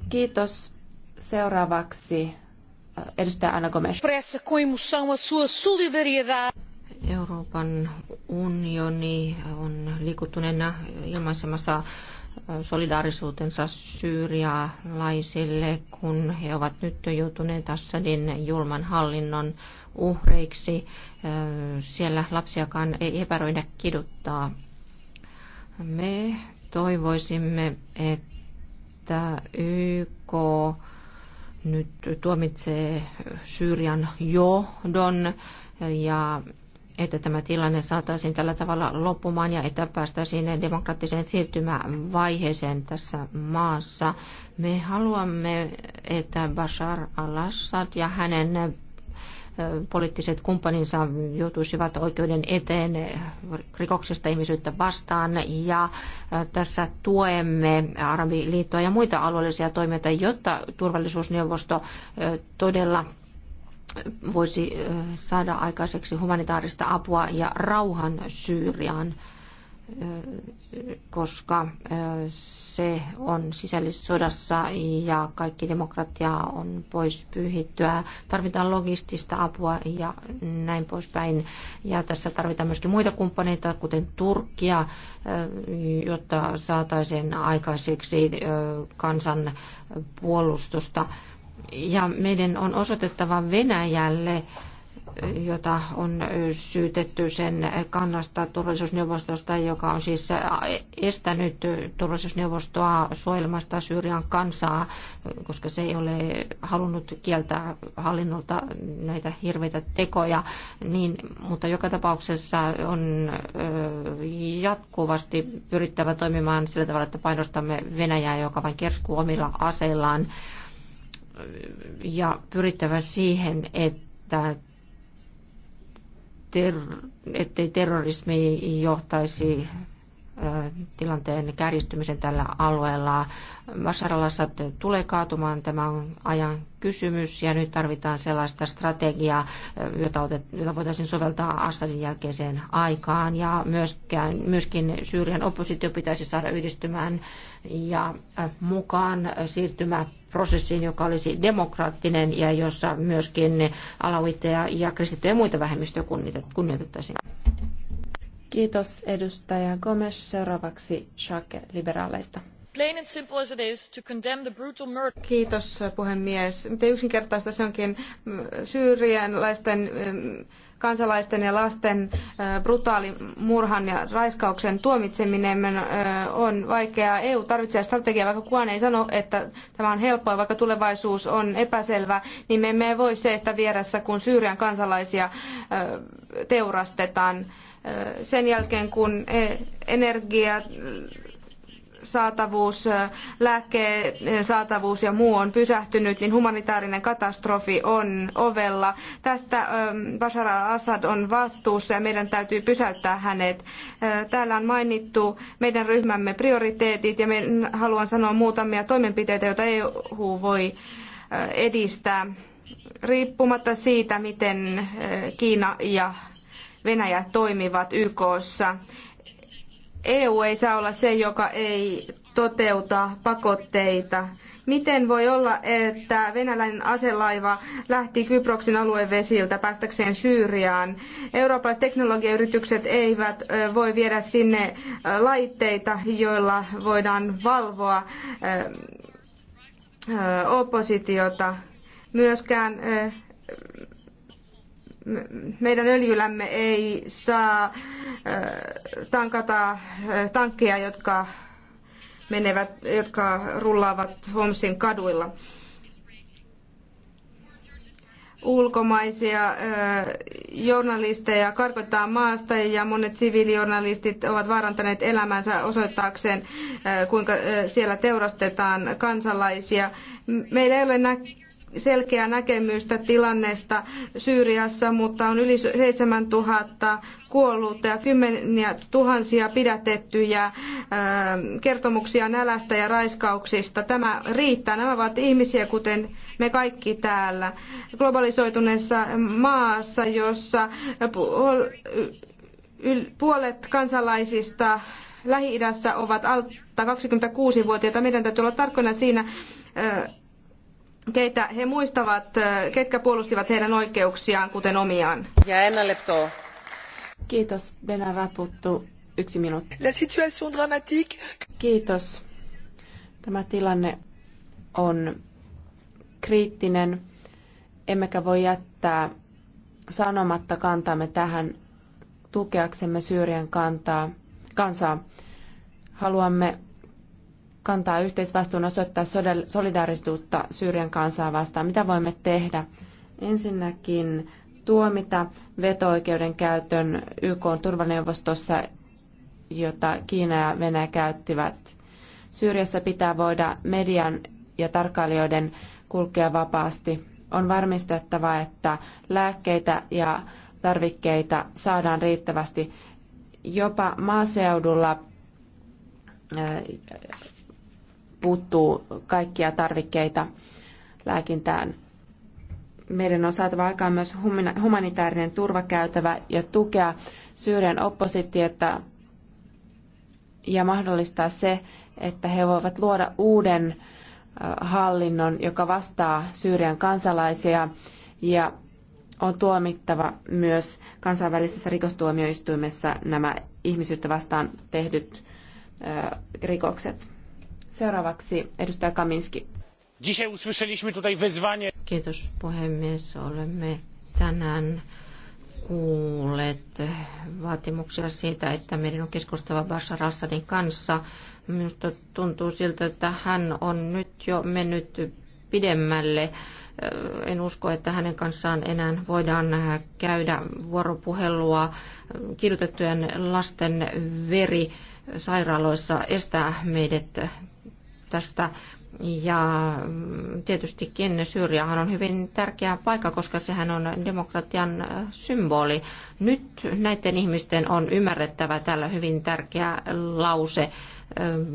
Kiitos. Seuraavaksi äh, edustaja Anna Gomes. Euroopan unioni on liikuttuneena ilmaisemassa äh, solidaarisuutensa syyrialaisille, kun he ovat nyt joutuneet Assadin julman hallinnon uhreiksi. Äh, siellä lapsiakaan ei epäröidä kiduttaa. Me toivoisimme, että YK nyt tuomitsee Syyrian johdon ja että tämä tilanne saataisiin tällä tavalla loppumaan ja että päästäisiin demokraattiseen siirtymävaiheeseen tässä maassa. Me haluamme, että Bashar al-Assad ja hänen poliittiset kumppaninsa joutuisivat oikeuden eteen rikoksesta ihmisyyttä vastaan. Ja tässä tuemme Arabiliittoa ja muita alueellisia toimijoita, jotta turvallisuusneuvosto todella voisi saada aikaiseksi humanitaarista apua ja rauhan Syyriaan koska se on sisällissodassa ja kaikki demokratia on pois pyyhittyä. Tarvitaan logistista apua ja näin poispäin. Ja tässä tarvitaan myöskin muita kumppaneita, kuten Turkkia, jotta saataisiin aikaiseksi kansan puolustusta. Ja meidän on osoitettava Venäjälle jota on syytetty sen kannasta turvallisuusneuvostosta, joka on siis estänyt turvallisuusneuvostoa suojelmasta Syyrian kansaa, koska se ei ole halunnut kieltää hallinnolta näitä hirveitä tekoja. Niin, mutta joka tapauksessa on jatkuvasti pyrittävä toimimaan sillä tavalla, että painostamme Venäjää, joka vain kerskuu omilla aseillaan ja pyrittävä siihen, että ter- ettei terrorismi johtaisi tilanteen kärjistymisen tällä alueella. Bashar al-Assad tulee kaatumaan tämän ajan kysymys ja nyt tarvitaan sellaista strategiaa, jota, otet, jota voitaisiin soveltaa Assadin jälkeiseen aikaan ja myöskään, myöskin Syyrian oppositio pitäisi saada yhdistymään ja mukaan siirtymä prosessiin, joka olisi demokraattinen ja jossa myöskin alawitteja ja kristittyjä ja muita vähemmistöjä kunnioitettaisiin. Kiitos edustaja Gomes. Seuraavaksi Shake liberaaleista. Kiitos puhemies. Miten yksinkertaista se onkin syyrianlaisten kansalaisten ja lasten brutaalin murhan ja raiskauksen tuomitseminen on vaikeaa. EU tarvitsee strategiaa, vaikka kukaan ei sano, että tämä on helppoa, vaikka tulevaisuus on epäselvä, niin me emme voi seistä vieressä, kun Syyrian kansalaisia teurastetaan. Sen jälkeen, kun e- energia saatavuus, lääkkeen saatavuus ja muu on pysähtynyt, niin humanitaarinen katastrofi on ovella. Tästä Bashar al-Assad on vastuussa ja meidän täytyy pysäyttää hänet. Täällä on mainittu meidän ryhmämme prioriteetit ja haluan sanoa muutamia toimenpiteitä, joita EU voi edistää riippumatta siitä, miten Kiina ja Venäjä toimivat YKssa. EU ei saa olla se, joka ei toteuta pakotteita. Miten voi olla, että venäläinen aselaiva lähti Kyproksen aluevesiltä päästäkseen Syyriaan? Eurooppalaiset teknologiayritykset eivät voi viedä sinne laitteita, joilla voidaan valvoa oppositiota. Myöskään meidän öljylämme ei saa tankata tankkeja, jotka, menevät, jotka rullaavat Homsin kaduilla. Ulkomaisia journalisteja karkottaa maasta ja monet siviilijournalistit ovat vaarantaneet elämänsä osoittaakseen, kuinka siellä teurastetaan kansalaisia. Meillä ei ole nä- selkeää näkemystä tilanneesta Syyriassa, mutta on yli 7000 kuollutta ja kymmeniä tuhansia pidätettyjä kertomuksia nälästä ja raiskauksista. Tämä riittää. Nämä ovat ihmisiä, kuten me kaikki täällä. Globalisoituneessa maassa, jossa puolet kansalaisista Lähi-idässä ovat alta 26-vuotiaita. Meidän täytyy olla tarkkoina siinä, keitä he muistavat, äh, ketkä puolustivat heidän oikeuksiaan, kuten omiaan. Ja Enna Lepto. Kiitos, Bena Raputtu. Yksi minuutti. La situation dramatique. Kiitos. Tämä tilanne on kriittinen, emmekä voi jättää sanomatta kantamme tähän tukeaksemme Syyrian kantaa, kansaa. Haluamme kantaa yhteisvastuun osoittaa solidaarisuutta Syyrian kansaa vastaan. Mitä voimme tehdä? Ensinnäkin tuomita veto-oikeuden käytön YK turvaneuvostossa, jota Kiina ja Venäjä käyttivät. Syyriassa pitää voida median ja tarkkailijoiden kulkea vapaasti. On varmistettava, että lääkkeitä ja tarvikkeita saadaan riittävästi. Jopa maaseudulla puuttuu kaikkia tarvikkeita lääkintään. Meidän on saatava aikaan myös humanitaarinen turvakäytävä ja tukea Syyrian oppositiota ja mahdollistaa se, että he voivat luoda uuden hallinnon, joka vastaa Syyrian kansalaisia ja on tuomittava myös kansainvälisessä rikostuomioistuimessa nämä ihmisyyttä vastaan tehdyt rikokset. Seuraavaksi edustaja Kaminski. Dzisiaj usłyszeliśmy tutaj Kiitos puhemies. Olemme tänään kuulleet vaatimuksia siitä, että meidän on keskusteltava Bashar Assadin kanssa. Minusta tuntuu siltä, että hän on nyt jo mennyt pidemmälle. En usko, että hänen kanssaan enää voidaan käydä vuoropuhelua. Kidutettujen lasten veri sairaaloissa estää meidät tästä. Ja tietystikin Syyriahan on hyvin tärkeä paikka, koska sehän on demokratian symboli. Nyt näiden ihmisten on ymmärrettävä tällä hyvin tärkeä lause.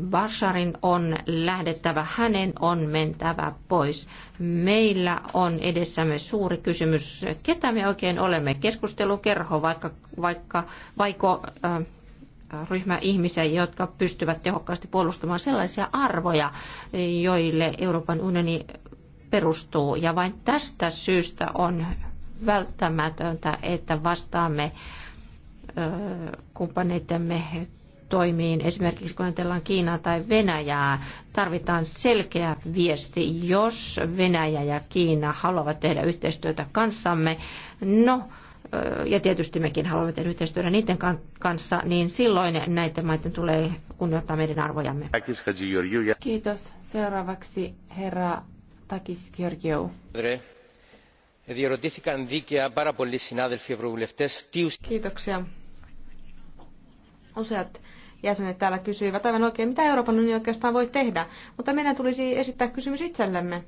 Basharin on lähdettävä, hänen on mentävä pois. Meillä on edessämme suuri kysymys, ketä me oikein olemme, keskustelukerho, vaikka, vaikka vaiko äh, ryhmä ihmisiä, jotka pystyvät tehokkaasti puolustamaan sellaisia arvoja, joille Euroopan unioni perustuu. Ja vain tästä syystä on välttämätöntä, että vastaamme kumppaneitemme toimiin, esimerkiksi kun ajatellaan Kiinaa tai Venäjää, tarvitaan selkeä viesti, jos Venäjä ja Kiina haluavat tehdä yhteistyötä kanssamme. No, ja tietysti mekin haluamme tehdä yhteistyötä niiden kanssa, niin silloin näiden maiden tulee kunnioittaa meidän arvojamme. Kiitos. Seuraavaksi herra Takis Georgiou. Kiitoksia. Useat jäsenet täällä kysyivät aivan oikein, mitä Euroopan unioni oikeastaan voi tehdä, mutta meidän tulisi esittää kysymys itsellemme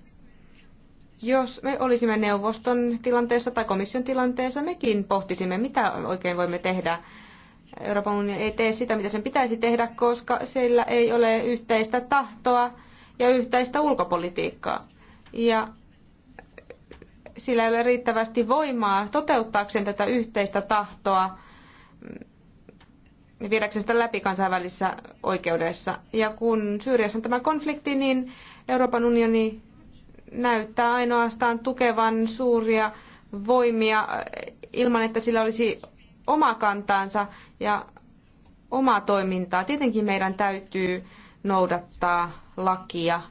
jos me olisimme neuvoston tilanteessa tai komission tilanteessa, mekin pohtisimme, mitä oikein voimme tehdä. Euroopan unioni ei tee sitä, mitä sen pitäisi tehdä, koska sillä ei ole yhteistä tahtoa ja yhteistä ulkopolitiikkaa. Ja sillä ei ole riittävästi voimaa toteuttaakseen tätä yhteistä tahtoa ja viedäkseen sitä läpi kansainvälisessä oikeudessa. Ja kun Syyriassa on tämä konflikti, niin Euroopan unioni näyttää ainoastaan tukevan suuria voimia ilman, että sillä olisi oma kantaansa ja omaa toimintaa. Tietenkin meidän täytyy noudattaa lakia.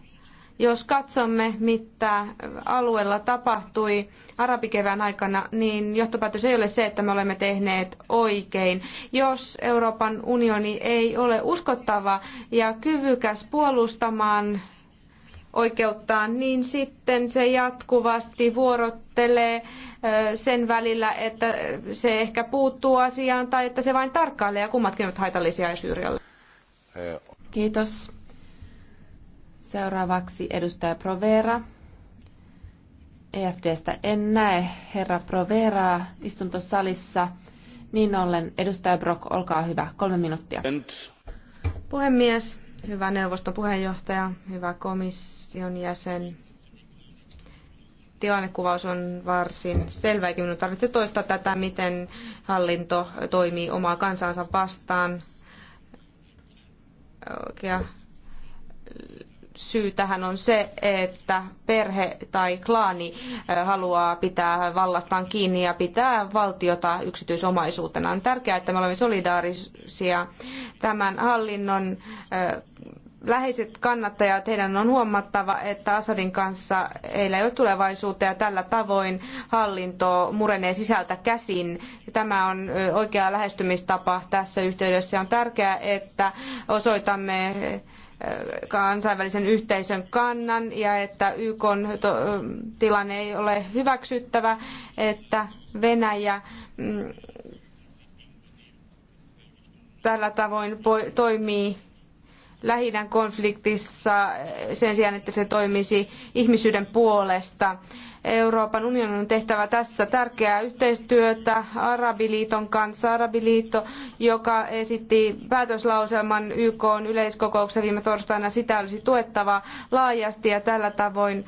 Jos katsomme, mitä alueella tapahtui arabikevään aikana, niin johtopäätös ei ole se, että me olemme tehneet oikein. Jos Euroopan unioni ei ole uskottava ja kyvykäs puolustamaan oikeuttaan, niin sitten se jatkuvasti vuorottelee sen välillä, että se ehkä puuttuu asiaan tai että se vain tarkkailee ja kummatkin ovat haitallisia Syyrialle. Kiitos. Seuraavaksi edustaja Provera. EFDstä en näe herra Proveraa istuntosalissa. Niin ollen edustaja Brock, olkaa hyvä. Kolme minuuttia. Puhemies, Hyvä neuvoston puheenjohtaja, hyvä komission jäsen. Tilannekuvaus on varsin selvä, eikä minun tarvitse toistaa tätä, miten hallinto toimii omaa kansansa vastaan. Oikea syy tähän on se, että perhe tai klaani haluaa pitää vallastaan kiinni ja pitää valtiota yksityisomaisuutena. On tärkeää, että me olemme solidaarisia tämän hallinnon läheiset kannattajat, heidän on huomattava, että Assadin kanssa heillä ei ole tulevaisuutta ja tällä tavoin hallinto murenee sisältä käsin. Tämä on oikea lähestymistapa tässä yhteydessä. On tärkeää, että osoitamme kansainvälisen yhteisön kannan ja että YK tilanne ei ole hyväksyttävä, että Venäjä mm, tällä tavoin toimii lähi konfliktissa sen sijaan, että se toimisi ihmisyyden puolesta. Euroopan unionin on tehtävä tässä tärkeää yhteistyötä Arabiliiton kanssa. Arabiliitto, joka esitti päätöslauselman YK yleiskokouksessa viime torstaina, sitä olisi tuettava laajasti ja tällä tavoin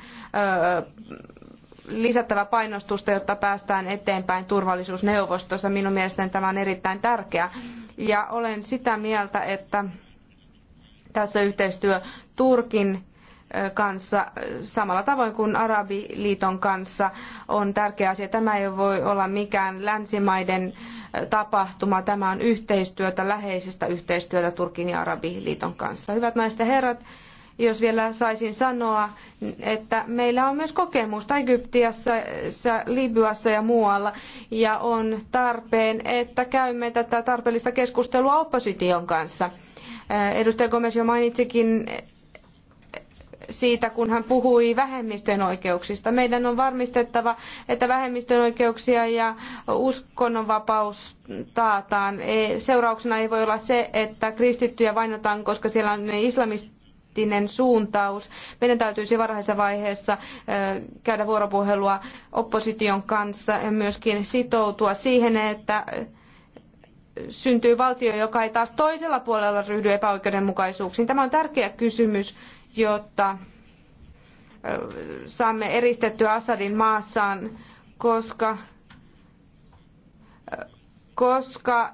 lisättävä painostusta, jotta päästään eteenpäin turvallisuusneuvostossa. Minun mielestäni tämä on erittäin tärkeä Ja olen sitä mieltä, että tässä yhteistyö Turkin kanssa samalla tavoin kuin Arabiliiton kanssa on tärkeä asia. Tämä ei voi olla mikään länsimaiden tapahtuma. Tämä on yhteistyötä, läheisestä yhteistyötä Turkin ja Arabiliiton kanssa. Hyvät naiset ja herrat, jos vielä saisin sanoa, että meillä on myös kokemusta Egyptiassa, Libyassa ja muualla, ja on tarpeen, että käymme tätä tarpeellista keskustelua opposition kanssa. Edustaja Gomes jo mainitsikin siitä, kun hän puhui vähemmistön oikeuksista. Meidän on varmistettava, että vähemmistön oikeuksia ja uskonnonvapaus taataan. E, seurauksena ei voi olla se, että kristittyjä vainotaan, koska siellä on islamistinen suuntaus. Meidän täytyisi varhaisessa vaiheessa käydä vuoropuhelua opposition kanssa ja myöskin sitoutua siihen, että syntyy valtio, joka ei taas toisella puolella ryhdy epäoikeudenmukaisuuksiin. Tämä on tärkeä kysymys jotta saamme eristettyä Assadin maassaan, koska, koska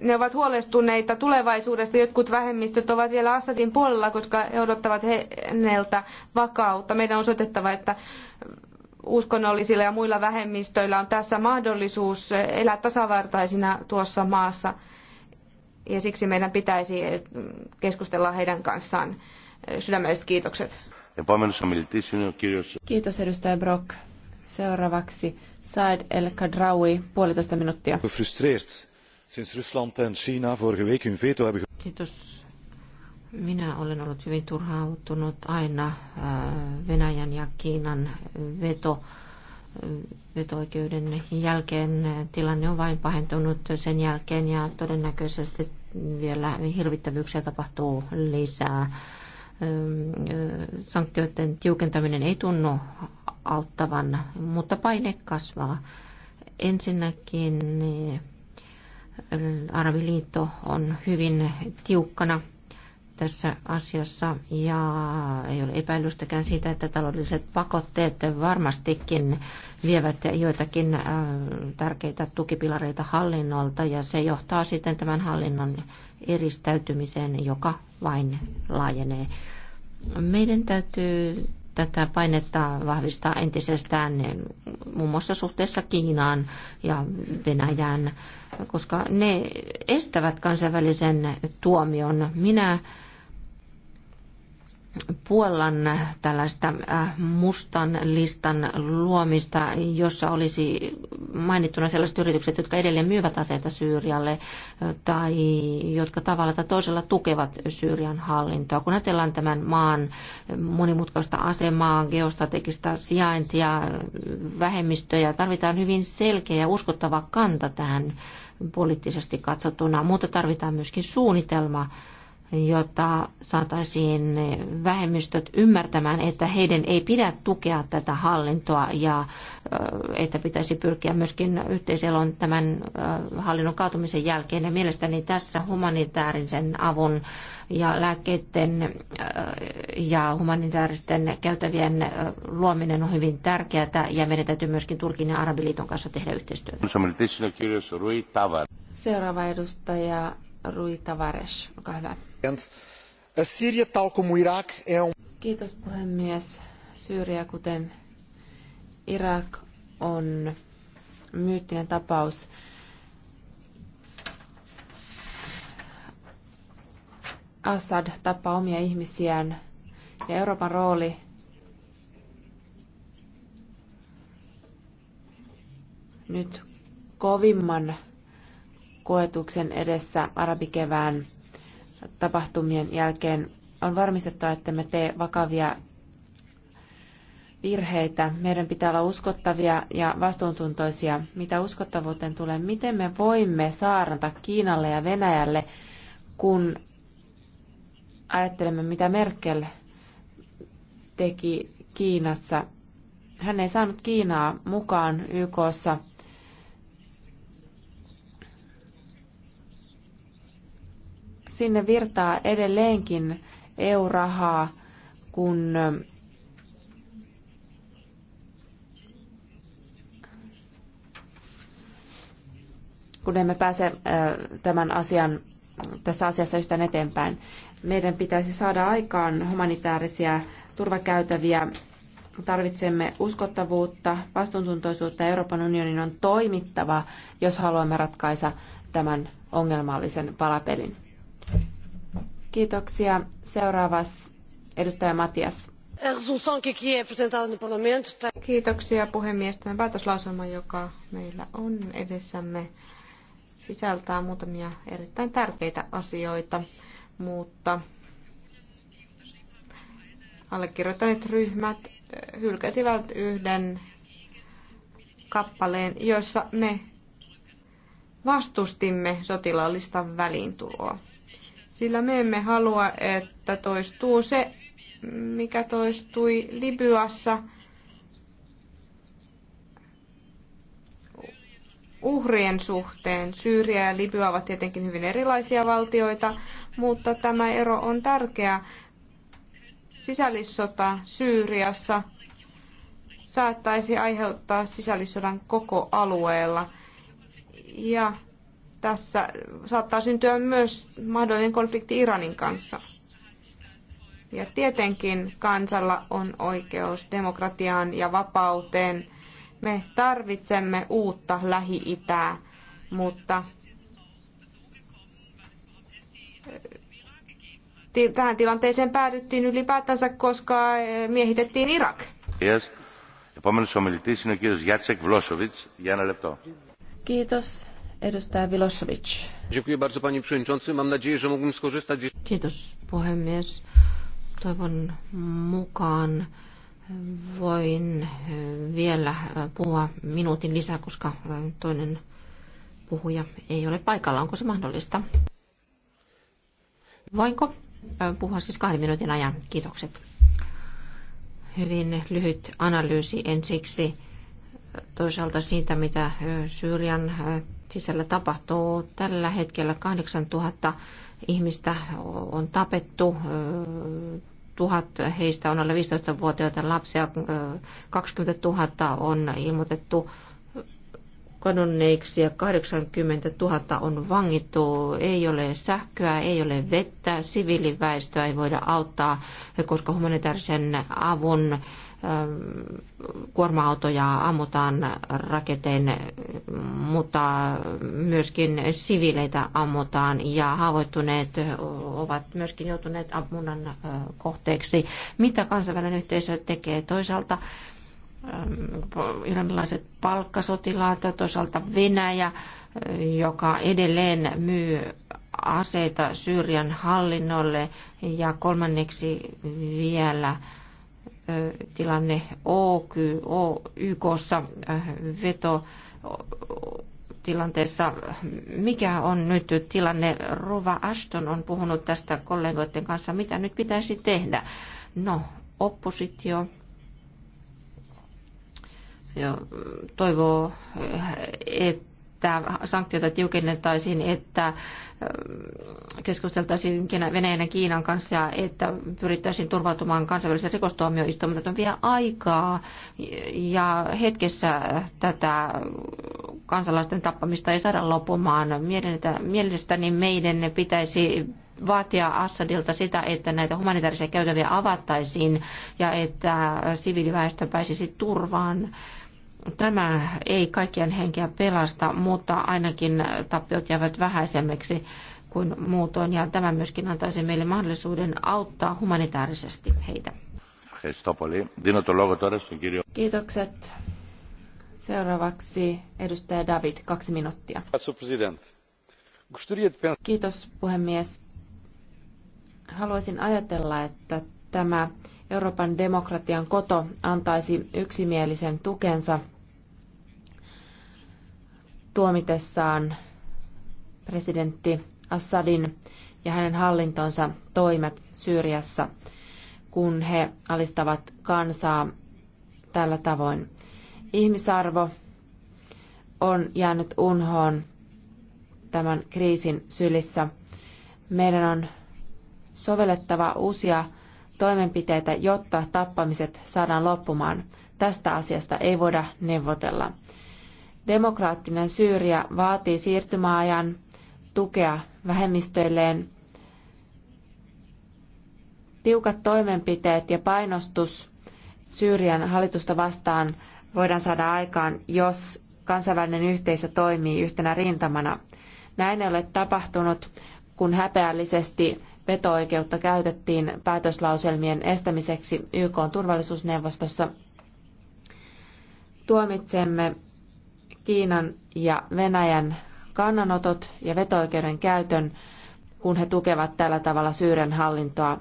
ne ovat huolestuneita tulevaisuudesta. Jotkut vähemmistöt ovat vielä Assadin puolella, koska he odottavat häneltä vakautta. Meidän on osoitettava, että uskonnollisilla ja muilla vähemmistöillä on tässä mahdollisuus elää tasavertaisina tuossa maassa. Ja siksi meidän pitäisi keskustella heidän kanssaan. Sydämelliset kiitokset. Kiitos edustaja Brock. Seuraavaksi Saad El Kadrawi, puolitoista minuuttia. Sinds Rusland en China vorige week hun veto hebben... Kiitos. Minä olen ollut hyvin turhautunut aina äh, Venäjän ja Kiinan veto äh, veto-oikeuden jälkeen tilanne on vain pahentunut sen jälkeen ja todennäköisesti vielä hirvittävyyksiä tapahtuu lisää sanktioiden tiukentaminen ei tunnu auttavan, mutta paine kasvaa. Ensinnäkin eh, Arabiliitto on hyvin tiukkana tässä asiassa ja ei ole epäilystäkään siitä, että taloudelliset pakotteet varmastikin vievät joitakin eh, tärkeitä tukipilareita hallinnolta ja se johtaa sitten tämän hallinnon eristäytymiseen, joka vain laajenee. Meidän täytyy tätä painetta vahvistaa entisestään muun muassa suhteessa Kiinaan ja Venäjään, koska ne estävät kansainvälisen tuomion. Minä Puolan tällaista äh, mustan listan luomista, jossa olisi mainittuna sellaiset yritykset, jotka edelleen myyvät aseita Syyrialle äh, tai jotka tavalla tai toisella tukevat Syyrian hallintoa. Kun ajatellaan tämän maan monimutkaista asemaa, geostrategista sijaintia, vähemmistöjä, tarvitaan hyvin selkeä ja uskottava kanta tähän poliittisesti katsottuna, mutta tarvitaan myöskin suunnitelma Jotta saataisiin vähemmistöt ymmärtämään, että heidän ei pidä tukea tätä hallintoa ja että pitäisi pyrkiä myöskin yhteiselon tämän hallinnon kaatumisen jälkeen. Ja mielestäni tässä humanitaarisen avun ja lääkkeiden ja humanitaaristen käytävien luominen on hyvin tärkeää ja meidän täytyy myöskin Turkin ja Arabiliiton kanssa tehdä yhteistyötä. Seuraava edustaja Rui Tavares, olkaa hyvä. Um Kiitos puhemies. Syyria, kuten Irak, on myyttinen tapaus. Assad tappaa omia ihmisiään ja Euroopan rooli nyt kovimman koetuksen edessä arabikevään tapahtumien jälkeen on varmistettava, että me tee vakavia virheitä. Meidän pitää olla uskottavia ja vastuuntuntoisia. Mitä uskottavuuteen tulee, miten me voimme saarnata Kiinalle ja Venäjälle, kun ajattelemme, mitä Merkel teki Kiinassa. Hän ei saanut Kiinaa mukaan YKssa Sinne virtaa edelleenkin EU-rahaa, kun kun emme pääse tämän asian, tässä asiassa yhtään eteenpäin. Meidän pitäisi saada aikaan humanitaarisia turvakäytäviä. Tarvitsemme uskottavuutta, vastuuntuntoisuutta ja Euroopan unionin on toimittava, jos haluamme ratkaista tämän ongelmallisen palapelin. Kiitoksia. Seuraavas edustaja Matias. No Kiitoksia puhemies. Tämä päätöslauselma, joka meillä on edessämme, sisältää muutamia erittäin tärkeitä asioita, mutta allekirjoittaneet ryhmät eh, hylkäsivät yhden kappaleen, jossa me vastustimme sotilaallista väliintuloa sillä me emme halua, että toistuu se, mikä toistui Libyassa. uhrien suhteen. Syyria ja Libya ovat tietenkin hyvin erilaisia valtioita, mutta tämä ero on tärkeä. Sisällissota Syyriassa saattaisi aiheuttaa sisällissodan koko alueella. Ja tässä saattaa syntyä myös mahdollinen konflikti Iranin kanssa. Ja tietenkin kansalla on oikeus demokratiaan ja vapauteen. Me tarvitsemme uutta Lähi-Itää, mutta eh, tähän tilanteeseen päädyttiin ylipäätänsä, koska eh, miehitettiin Irak. Kiitos. Kiitos puhemies. Toivon mukaan voin vielä puhua minuutin lisää, koska toinen puhuja ei ole paikalla. Onko se mahdollista? Voinko puhua siis kahden minuutin ajan? Kiitokset. Hyvin lyhyt analyysi ensiksi toisaalta siitä, mitä Syyrian sisällä tapahtuu. Tällä hetkellä 8000 ihmistä on tapettu, tuhat heistä on alle 15-vuotiaita lapsia, 20 000 on ilmoitettu kadonneiksi ja 80 000 on vangittu, ei ole sähköä, ei ole vettä, siviiliväestöä ei voida auttaa, koska humanitaarisen avun Ähm, kuorma-autoja ammutaan raketein, mutta myöskin siviileitä ammutaan ja haavoittuneet ovat myöskin joutuneet ammunnan äh, kohteeksi. Mitä kansainvälinen yhteisö tekee toisaalta? Ähm, iranilaiset palkkasotilaat, toisaalta Venäjä, äh, joka edelleen myy aseita Syyrian hallinnolle ja kolmanneksi vielä tilanne YKssa veto tilanteessa. Mikä on nyt tilanne? Rova Ashton on puhunut tästä kollegoiden kanssa. Mitä nyt pitäisi tehdä? No, oppositio toivoo, että että sanktioita tiukennettaisiin, että keskusteltaisiin Venäjän ja Kiinan kanssa ja että pyrittäisiin turvautumaan kansainvälisen rikostuomioistuimen. on vielä aikaa ja hetkessä tätä kansalaisten tappamista ei saada lopumaan. Mielestäni meidän pitäisi vaatia Assadilta sitä, että näitä humanitaarisia käytäviä avattaisiin ja että siviiliväestö pääsisi turvaan Tämä ei kaikkien henkeä pelasta, mutta ainakin tappiot jäävät vähäisemmiksi kuin muutoin, ja tämä myöskin antaisi meille mahdollisuuden auttaa humanitaarisesti heitä. Kiitokset. Seuraavaksi edustaja David, kaksi minuuttia. Kiitos puhemies. Haluaisin ajatella, että tämä Euroopan demokratian koto antaisi yksimielisen tukensa tuomitessaan presidentti Assadin ja hänen hallintonsa toimet Syyriassa, kun he alistavat kansaa tällä tavoin. Ihmisarvo on jäänyt unhoon tämän kriisin sylissä. Meidän on sovellettava uusia toimenpiteitä, jotta tappamiset saadaan loppumaan. Tästä asiasta ei voida neuvotella. Demokraattinen Syyria vaatii siirtymäajan tukea vähemmistöilleen. Tiukat toimenpiteet ja painostus Syyrian hallitusta vastaan voidaan saada aikaan, jos kansainvälinen yhteisö toimii yhtenä rintamana. Näin ei ole tapahtunut, kun häpeällisesti veto-oikeutta käytettiin päätöslauselmien estämiseksi YK turvallisuusneuvostossa. Tuomitsemme Kiinan ja Venäjän kannanotot ja vetoikeuden käytön, kun he tukevat tällä tavalla Syyrian hallintoa.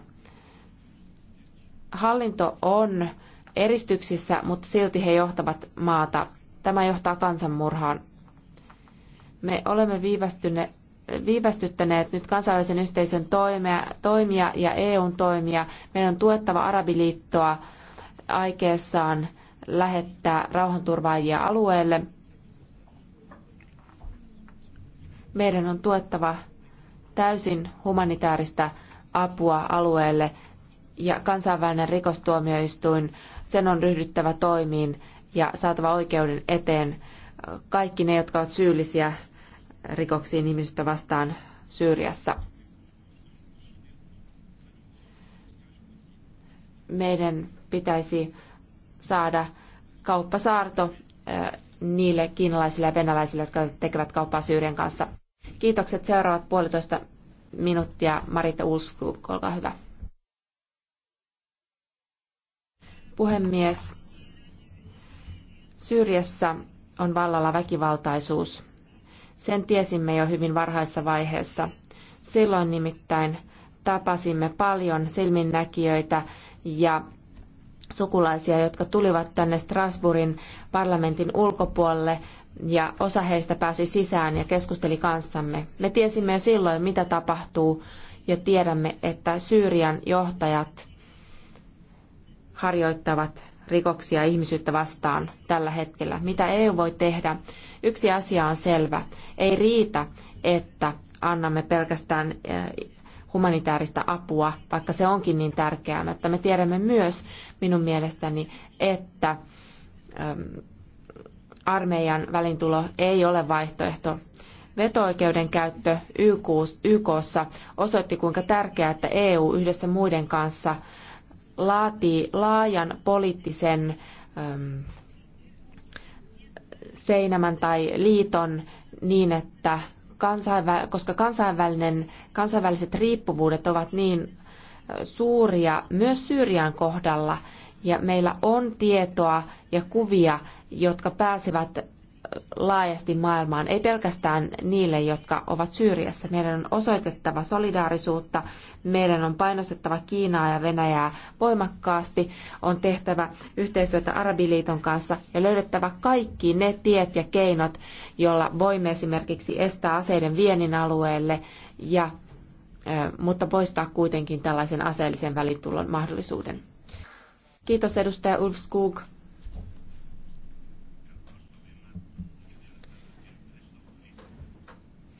Hallinto on eristyksissä, mutta silti he johtavat maata. Tämä johtaa kansanmurhaan. Me olemme viivästyneet viivästyttäneet nyt kansainvälisen yhteisön toimia, toimia ja EUn toimia. Meidän on tuettava Arabiliittoa aikeessaan lähettää rauhanturvaajia alueelle. Meidän on tuettava täysin humanitaarista apua alueelle ja kansainvälinen rikostuomioistuin, sen on ryhdyttävä toimiin ja saatava oikeuden eteen kaikki ne, jotka ovat syyllisiä rikoksiin ihmisyyttä vastaan Syyriassa. Meidän pitäisi saada kauppasaarto niille kiinalaisille ja venäläisille, jotka tekevät kauppaa Syyrian kanssa. Kiitokset seuraavat puolitoista minuuttia. Marita Ulsku, olkaa hyvä. Puhemies, Syyriassa on vallalla väkivaltaisuus. Sen tiesimme jo hyvin varhaisessa vaiheessa. Silloin nimittäin tapasimme paljon silminnäkijöitä ja sukulaisia, jotka tulivat tänne Strasbourgin parlamentin ulkopuolelle ja osa heistä pääsi sisään ja keskusteli kanssamme. Me tiesimme jo silloin, mitä tapahtuu ja tiedämme, että Syyrian johtajat harjoittavat rikoksia ihmisyyttä vastaan tällä hetkellä. Mitä EU voi tehdä? Yksi asia on selvä. Ei riitä, että annamme pelkästään eh, humanitaarista apua, vaikka se onkin niin tärkeää, mutta me tiedämme myös minun mielestäni, että ehm, armeijan välintulo ei ole vaihtoehto. Vetooikeuden käyttö YKssa osoitti, kuinka tärkeää, että EU yhdessä muiden kanssa – laatii laajan poliittisen äm, seinämän tai liiton niin, että kansainvä, koska kansainvälinen, kansainväliset riippuvuudet ovat niin suuria myös Syyrian kohdalla, ja meillä on tietoa ja kuvia, jotka pääsevät laajasti maailmaan, ei pelkästään niille, jotka ovat Syyriassa. Meidän on osoitettava solidaarisuutta, meidän on painostettava Kiinaa ja Venäjää voimakkaasti, on tehtävä yhteistyötä Arabiliiton kanssa ja löydettävä kaikki ne tiet ja keinot, joilla voimme esimerkiksi estää aseiden viennin alueelle ja mutta poistaa kuitenkin tällaisen aseellisen välitulon mahdollisuuden. Kiitos edustaja Ulf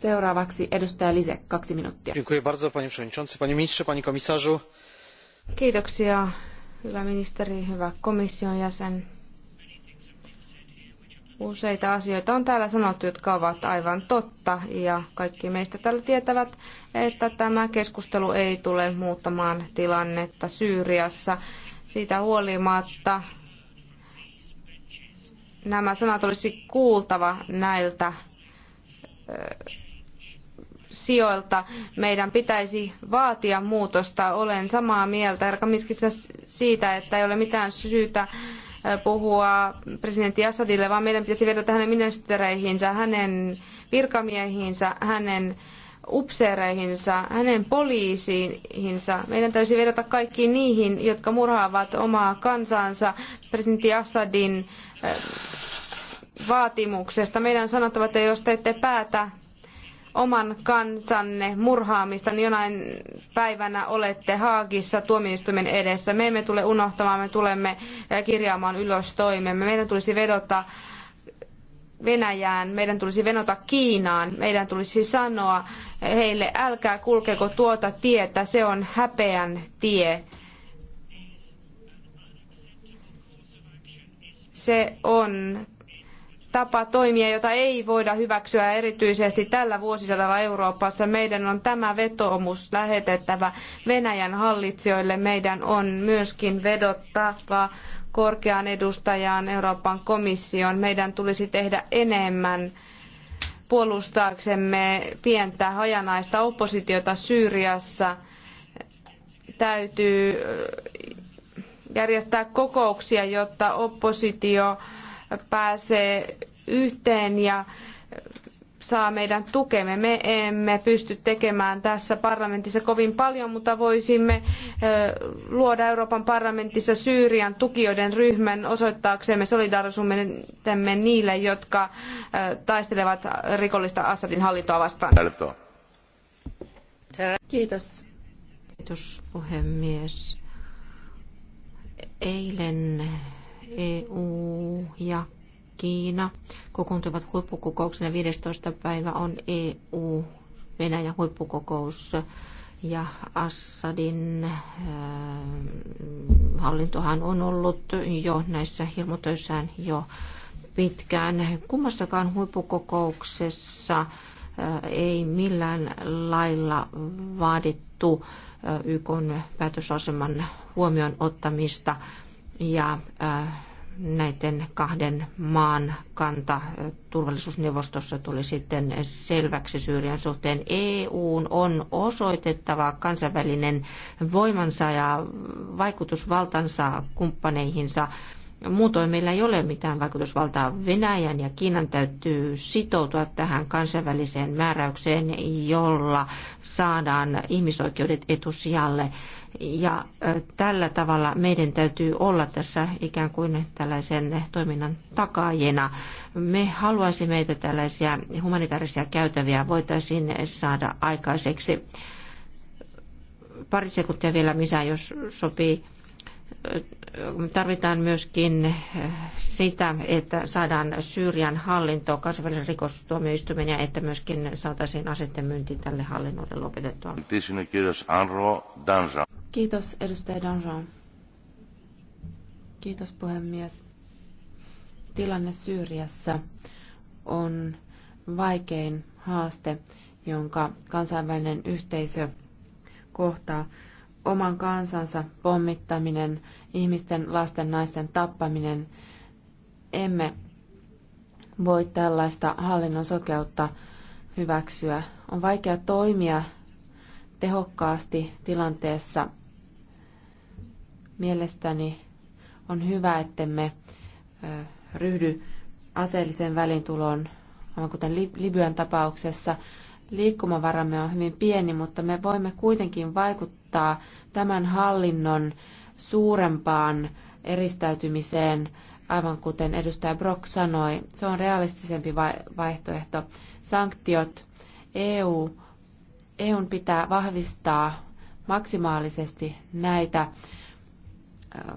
Seuraavaksi edustaja Lise, kaksi minuuttia. Dziękuję bardzo, panie przewodniczący, panie ministrze, panie komisarzu. Kiitoksia, hyvä ministeri, hyvä komission jäsen. Useita asioita on täällä sanottu, jotka ovat aivan totta, ja kaikki meistä täällä tietävät, että tämä keskustelu ei tule muuttamaan tilannetta Syyriassa. Siitä huolimatta nämä sanat olisi kuultava näiltä sijoilta meidän pitäisi vaatia muutosta. Olen samaa mieltä Erkamiskista siitä, että ei ole mitään syytä äh, puhua presidentti Assadille, vaan meidän pitäisi vedota hänen ministereihinsä, hänen virkamiehiinsä, hänen upseereihinsa, hänen poliisiinsa. Meidän täytyy vedota kaikkiin niihin, jotka murhaavat omaa kansansa presidentti Assadin äh, vaatimuksesta. Meidän on sanottava, että jos te ette päätä oman kansanne murhaamista, niin jonain päivänä olette Haagissa tuomioistuimen edessä. Me emme tule unohtamaan, me tulemme eh, kirjaamaan ylös toimemme. Meidän tulisi vedota Venäjään, meidän tulisi venota Kiinaan, meidän tulisi sanoa heille, älkää kulkeko tuota tietä, se on häpeän tie. Se on tapa toimia, jota ei voida hyväksyä erityisesti tällä vuosisadalla Euroopassa. Meidän on tämä vetoomus lähetettävä Venäjän hallitsijoille. Meidän on myöskin vedottava korkeaan edustajaan Euroopan komission. Meidän tulisi tehdä enemmän puolustaaksemme pientä hajanaista oppositiota Syyriassa. Täytyy järjestää kokouksia, jotta oppositio pääsee yhteen ja saa meidän tukemme. Me emme pysty tekemään tässä parlamentissa kovin paljon, mutta voisimme luoda Euroopan parlamentissa Syyrian tukijoiden ryhmän osoittaaksemme solidaarisuutemme niille, jotka taistelevat rikollista Assadin hallintoa vastaan. Kiitos. Kiitos puhemies. Eilen EU ja Kiina kokoontuivat huippukokouksena 15. päivä on EU Venäjän huippukokous ja Assadin äh, hallintohan on ollut jo näissä hirmutöissään jo pitkään. Kummassakaan huippukokouksessa äh, ei millään lailla vaadittu äh, YK päätösaseman huomioon ottamista ja äh, näiden kahden maan kanta äh, turvallisuusneuvostossa tuli sitten selväksi Syyrian suhteen. EU on osoitettava kansainvälinen voimansa ja vaikutusvaltansa kumppaneihinsa. Muutoin meillä ei ole mitään vaikutusvaltaa Venäjän ja Kiinan täytyy sitoutua tähän kansainväliseen määräykseen, jolla saadaan ihmisoikeudet etusijalle. Ja tällä tavalla meidän täytyy olla tässä ikään kuin tällaisen toiminnan takaajina. Me haluaisimme, että tällaisia humanitaarisia käytäviä voitaisiin saada aikaiseksi. Pari sekuntia vielä missä jos sopii tarvitaan myöskin sitä, että saadaan Syyrian hallinto kansainvälisen rikostuomioistuimen ja että myöskin saataisiin asettemyynti tälle hallinnolle lopetettua. Kiitos edustaja Danjean. Kiitos puhemies. Tilanne Syyriassa on vaikein haaste, jonka kansainvälinen yhteisö kohtaa. Oman kansansa pommittaminen, ihmisten, lasten, naisten tappaminen. Emme voi tällaista hallinnon sokeutta hyväksyä. On vaikea toimia tehokkaasti tilanteessa. Mielestäni on hyvä, ettemme ryhdy aseelliseen välintuloon, aivan kuten Libyan tapauksessa. Liikkumavaramme on hyvin pieni, mutta me voimme kuitenkin vaikuttaa tämän hallinnon suurempaan eristäytymiseen, aivan kuten edustaja Brock sanoi. Se on realistisempi vaihtoehto. Sanktiot. EU EUn pitää vahvistaa maksimaalisesti näitä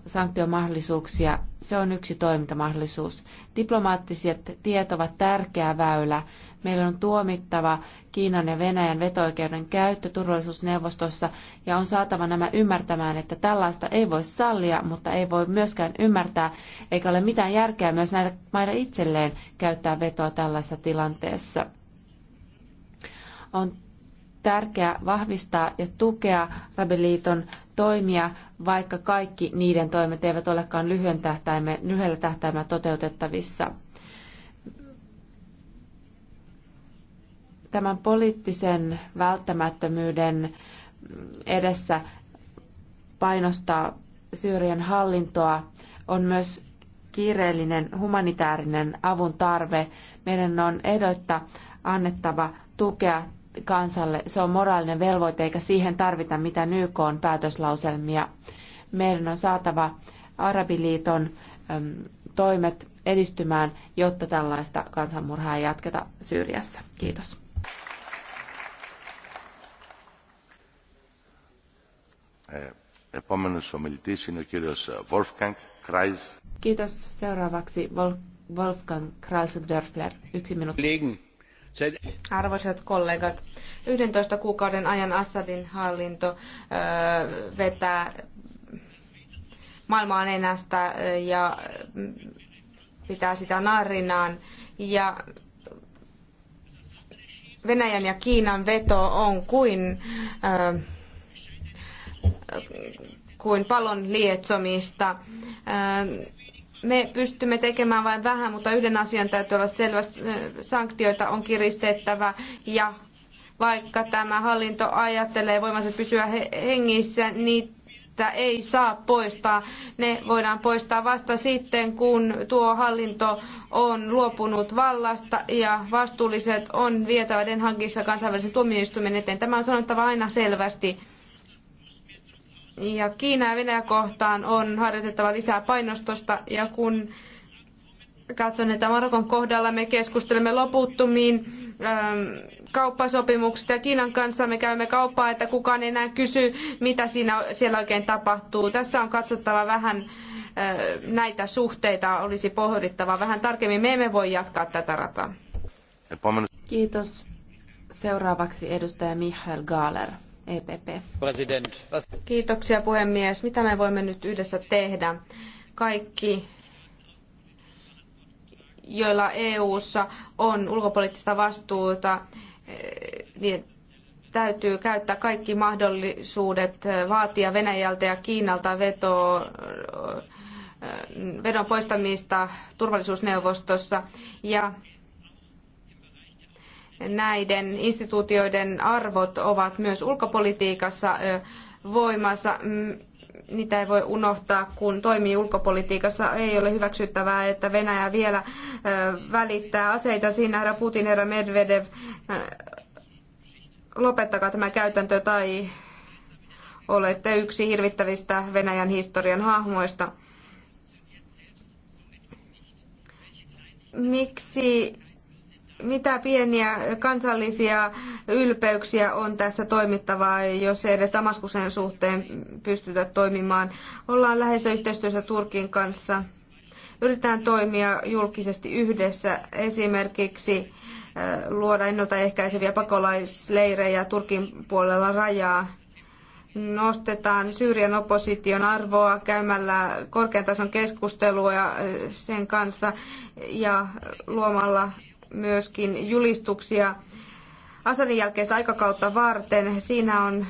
sanktiomahdollisuuksia. Se on yksi toimintamahdollisuus. Diplomaattiset tiet ovat tärkeä väylä. Meillä on tuomittava Kiinan ja Venäjän vetoikeuden käyttö turvallisuusneuvostossa ja on saatava nämä ymmärtämään, että tällaista ei voi sallia, mutta ei voi myöskään ymmärtää, eikä ole mitään järkeä myös näitä maita itselleen käyttää vetoa tällaisessa tilanteessa. On tärkeää vahvistaa ja tukea Rabeliiton toimia, vaikka kaikki niiden toimet eivät olekaan lyhyen tähtäimen, lyhyellä tähtäimellä toteutettavissa. Tämän poliittisen välttämättömyyden edessä painostaa Syyrian hallintoa on myös kiireellinen humanitaarinen avun tarve. Meidän on ehdoitta annettava tukea kansalle. Se on moraalinen velvoite, eikä siihen tarvita mitään YK päätöslauselmia. Meidän on saatava Arabiliiton toimet edistymään, jotta tällaista kansanmurhaa ei jatketa Syyriassa. Kiitos. Eh, Kiitos. Seuraavaksi Wolfgang Kreis-Dörfler. Yksi minuutti. Arvoisat kollegat, 11 kuukauden ajan Assadin hallinto vetää maailmaa nenästä ja pitää sitä narinaan Ja Venäjän ja Kiinan veto on kuin, kuin palon lietsomista me pystymme tekemään vain vähän, mutta yhden asian täytyy olla selvä. Sanktioita on kiristettävä ja vaikka tämä hallinto ajattelee voimansa pysyä hengissä, niin ei saa poistaa. Ne voidaan poistaa vasta sitten, kun tuo hallinto on luopunut vallasta ja vastuulliset on vietävä Den Hagissa kansainvälisen tuomioistuimen eteen. Tämä on sanottava aina selvästi ja Kiina ja Venäjä kohtaan on harjoitettava lisää painostusta ja kun katson, että Marokon kohdalla me keskustelemme loputtomiin ähm, kauppasopimuksista ja Kiinan kanssa me käymme kauppaa, että kukaan ei enää kysy, mitä siinä, siellä oikein tapahtuu. Tässä on katsottava vähän äh, näitä suhteita, olisi pohdittava vähän tarkemmin. Me emme voi jatkaa tätä rataa. Kiitos. Seuraavaksi edustaja Michael Gaaler. EPP. President. Kiitoksia puhemies. Mitä me voimme nyt yhdessä tehdä? Kaikki joilla EU:ssa on ulkopoliittista vastuuta, eh, niin täytyy käyttää kaikki mahdollisuudet eh, vaatia Venäjältä ja Kiinalta vetoa eh, vedon poistamista turvallisuusneuvostossa ja näiden instituutioiden arvot ovat myös ulkopolitiikassa voimassa. Niitä ei voi unohtaa, kun toimii ulkopolitiikassa. Ei ole hyväksyttävää, että Venäjä vielä välittää aseita. Siinä herra Putin, herra Medvedev, lopettakaa tämä käytäntö tai olette yksi hirvittävistä Venäjän historian hahmoista. Miksi mitä pieniä kansallisia ylpeyksiä on tässä toimittavaa, jos ei edes Damaskuksen suhteen pystytä toimimaan. Ollaan läheisessä yhteistyössä Turkin kanssa. Yritetään toimia julkisesti yhdessä, esimerkiksi äh, luoda ennaltaehkäiseviä pakolaisleirejä Turkin puolella rajaa. Nostetaan Syyrian opposition arvoa käymällä korkean tason keskustelua äh, sen kanssa ja luomalla myöskin julistuksia Assadin jälkeistä aikakautta varten. Siinä on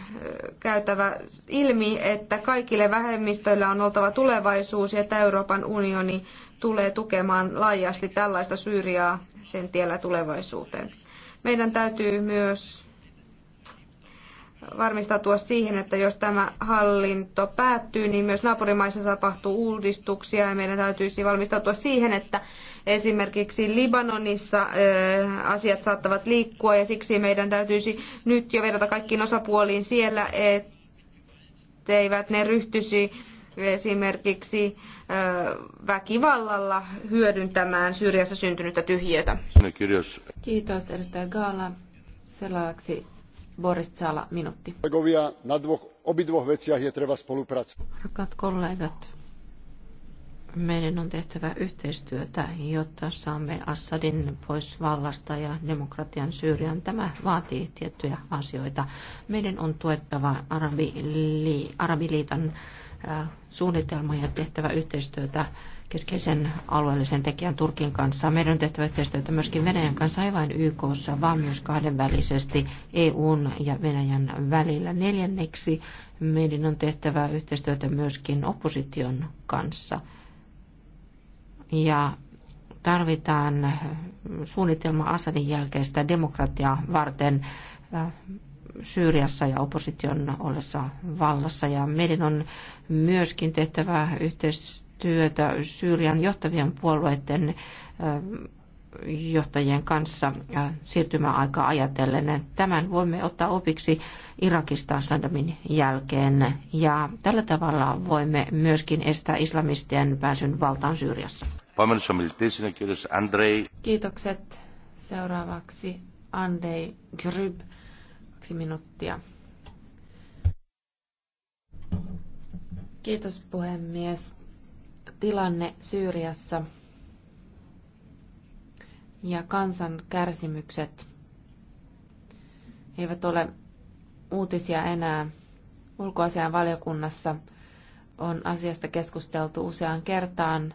käytävä ilmi, että kaikille vähemmistöillä on oltava tulevaisuus ja että Euroopan unioni tulee tukemaan laajasti tällaista Syyriaa sen tiellä tulevaisuuteen. Meidän täytyy myös varmistautua siihen, että jos tämä hallinto päättyy, niin myös naapurimaissa tapahtuu uudistuksia ja meidän täytyisi valmistautua siihen, että esimerkiksi Libanonissa asiat saattavat liikkua ja siksi meidän täytyisi nyt jo vedota kaikkiin osapuoliin siellä, etteivät ne ryhtyisi esimerkiksi väkivallalla hyödyntämään syrjässä syntynyttä tyhjiötä. Kiitos edustaja Gaala. Seuraavaksi Boris Zala, minuutti. Na dvoch, obidvoch veciach je treba kollegat, meidän on tehtävä yhteistyötä, jotta saamme Assadin pois vallasta ja demokratian Syyrian. Tämä vaatii tiettyjä asioita. Meidän on tuettava Arabiliiton äh, suunnitelma ja tehtävä yhteistyötä keskeisen alueellisen tekijän Turkin kanssa. Meidän on tehtävä yhteistyötä myöskin Venäjän kanssa, ei vain YKssa, vaan myös kahdenvälisesti EUn ja Venäjän välillä. Neljänneksi meidän on tehtävä yhteistyötä myöskin opposition kanssa. Ja tarvitaan suunnitelma Assadin jälkeistä demokratiaa varten äh, Syyriassa ja opposition ollessa vallassa. Ja meidän on myöskin tehtävä yhteistyötä työtä Syyrian johtavien puolueiden johtajien kanssa siirtymäaikaa ajatellen. Tämän voimme ottaa opiksi Irakista Saddamin jälkeen ja tällä tavalla voimme myöskin estää islamistien pääsyn valtaan Syyriassa. Kiitokset. Seuraavaksi Andrei Gryb, kaksi minuuttia. Kiitos puhemies tilanne Syyriassa ja kansan kärsimykset eivät ole uutisia enää. Ulkoasian valiokunnassa on asiasta keskusteltu useaan kertaan,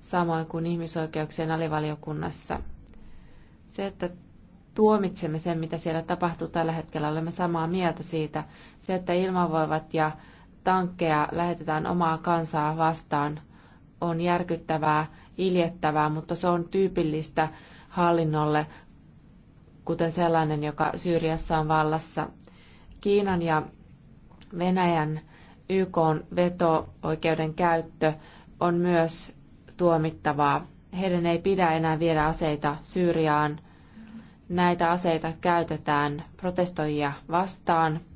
samoin kuin ihmisoikeuksien alivaliokunnassa. Se, että tuomitsemme sen, mitä siellä tapahtuu tällä hetkellä, olemme samaa mieltä siitä. Se, että ilmavoivat ja tankkeja lähetetään omaa kansaa vastaan – on järkyttävää, iljettävää, mutta se on tyypillistä hallinnolle, kuten sellainen, joka Syyriassa on vallassa. Kiinan ja Venäjän YK veto-oikeuden käyttö on myös tuomittavaa. Heidän ei pidä enää viedä aseita Syyriaan. Näitä aseita käytetään protestoijia vastaan –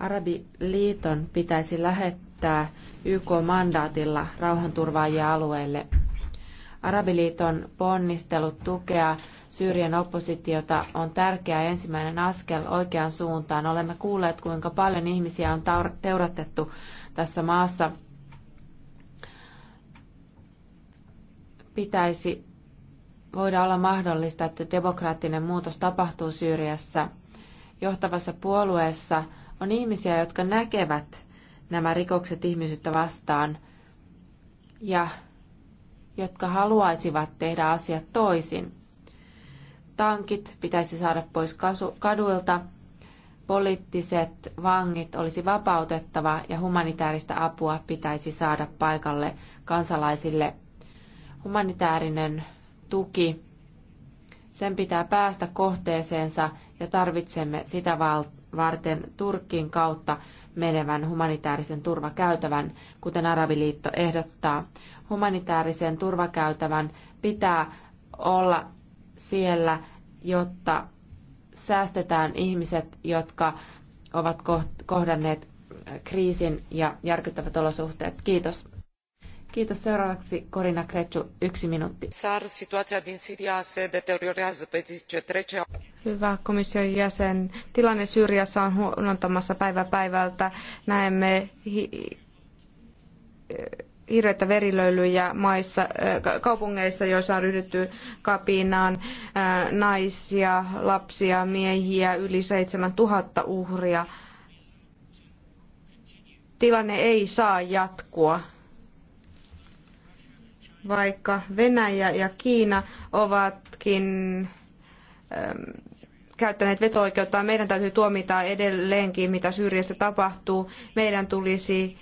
Arabiliiton pitäisi lähettää YK-mandaatilla rauhanturvaajia alueelle. Arabiliiton ponnistelut tukea Syyrian oppositiota on tärkeä ensimmäinen askel oikeaan suuntaan. Olemme kuulleet, kuinka paljon ihmisiä on teurastettu tässä maassa. Pitäisi voida olla mahdollista, että demokraattinen muutos tapahtuu Syyriassa. Johtavassa puolueessa – on ihmisiä, jotka näkevät nämä rikokset ihmisyyttä vastaan ja jotka haluaisivat tehdä asiat toisin. Tankit pitäisi saada pois kaduilta, poliittiset vangit olisi vapautettava ja humanitaarista apua pitäisi saada paikalle kansalaisille. Humanitaarinen tuki, sen pitää päästä kohteeseensa ja tarvitsemme sitä val- varten Turkkiin kautta menevän humanitaarisen turvakäytävän, kuten Arabiliitto ehdottaa. Humanitaarisen turvakäytävän pitää olla siellä, jotta säästetään ihmiset, jotka ovat kohdanneet kriisin ja järkyttävät olosuhteet. Kiitos. Kiitos. Seuraavaksi Corina Kretsu, yksi minuutti. Sar, din se deteriorează pe zi ce trece. Hyvä komission jäsen. Tilanne Syyriassa on huonontamassa päivä päivältä. Näemme hi- hirveitä verilöylyjä maissa, kaupungeissa, joissa on ryhdytty kapinaan naisia, lapsia, miehiä, yli 7000 uhria. Tilanne ei saa jatkua vaikka Venäjä ja Kiina ovatkin ähm, käyttäneet veto-oikeuttaan, meidän täytyy tuomita edelleenkin, mitä Syyriassa tapahtuu. Meidän tulisi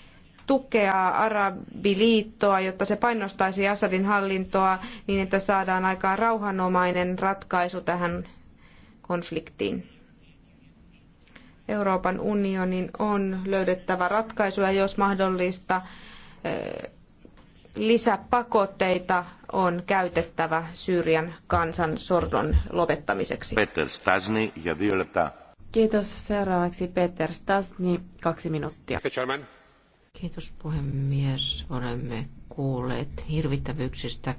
tukea Arabiliittoa, jotta se painostaisi Assadin hallintoa niin, että saadaan aikaan rauhanomainen ratkaisu tähän konfliktiin. Euroopan unionin on löydettävä ratkaisuja, jos mahdollista äh, lisäpakotteita on käytettävä Syyrian kansan sorron lopettamiseksi. Peter Stasny ja Violeta. Kiitos. Seuraavaksi Peter Stasny, kaksi minuuttia. Kiitos puhemies. Olemme kuulleet hirvittävyyksistä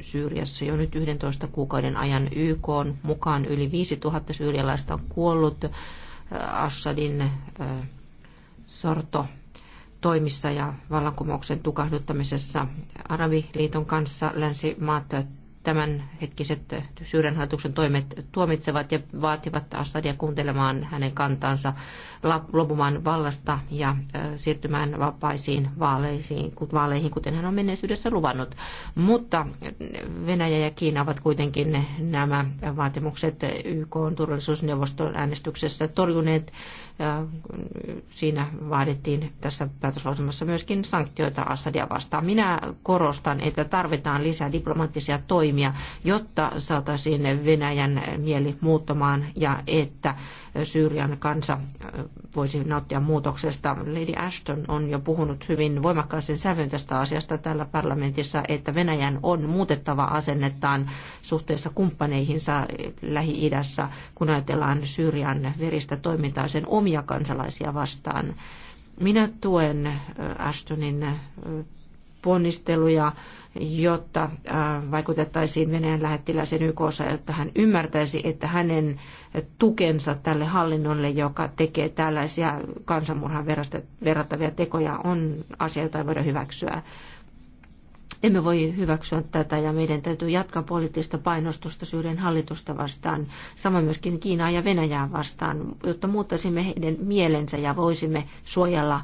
Syyriassa jo nyt 11 kuukauden ajan YK on mukaan yli 5000 syyrialaista on kuollut äh, Assadin äh, sorto toimissa ja vallankumouksen tukahduttamisessa. Arabiliiton kanssa länsimaat tämänhetkiset Syyrian hallituksen toimet tuomitsevat ja vaativat Assadia kuuntelemaan hänen kantansa, lopumaan vallasta ja siirtymään vapaisiin vaaleisiin, vaaleihin, kuten hän on menneisyydessä luvannut. Mutta Venäjä ja Kiina ovat kuitenkin nämä vaatimukset YK on turvallisuusneuvoston äänestyksessä torjuneet. Siinä vaadittiin tässä päätöslausumassa myöskin sanktioita Assadia vastaan. Minä korostan, että tarvitaan lisää diplomaattisia toimia toimia, jotta saataisiin Venäjän mieli muuttumaan ja että Syyrian kansa voisi nauttia muutoksesta. Lady Ashton on jo puhunut hyvin voimakkaisen sävyn tästä asiasta täällä parlamentissa, että Venäjän on muutettava asennettaan suhteessa kumppaneihinsa Lähi-idässä, kun ajatellaan Syyrian veristä toimintaa sen omia kansalaisia vastaan. Minä tuen Ashtonin ponnisteluja jotta äh, vaikutettaisiin Venäjän lähettiläisen YKssa, jotta hän ymmärtäisi, että hänen tukensa tälle hallinnolle, joka tekee tällaisia kansanmurhan verrattavia tekoja, on asia, jota ei voida hyväksyä. Emme voi hyväksyä tätä ja meidän täytyy jatkaa poliittista painostusta syyden hallitusta vastaan, sama myöskin Kiinaa ja Venäjää vastaan, jotta muuttaisimme heidän mielensä ja voisimme suojella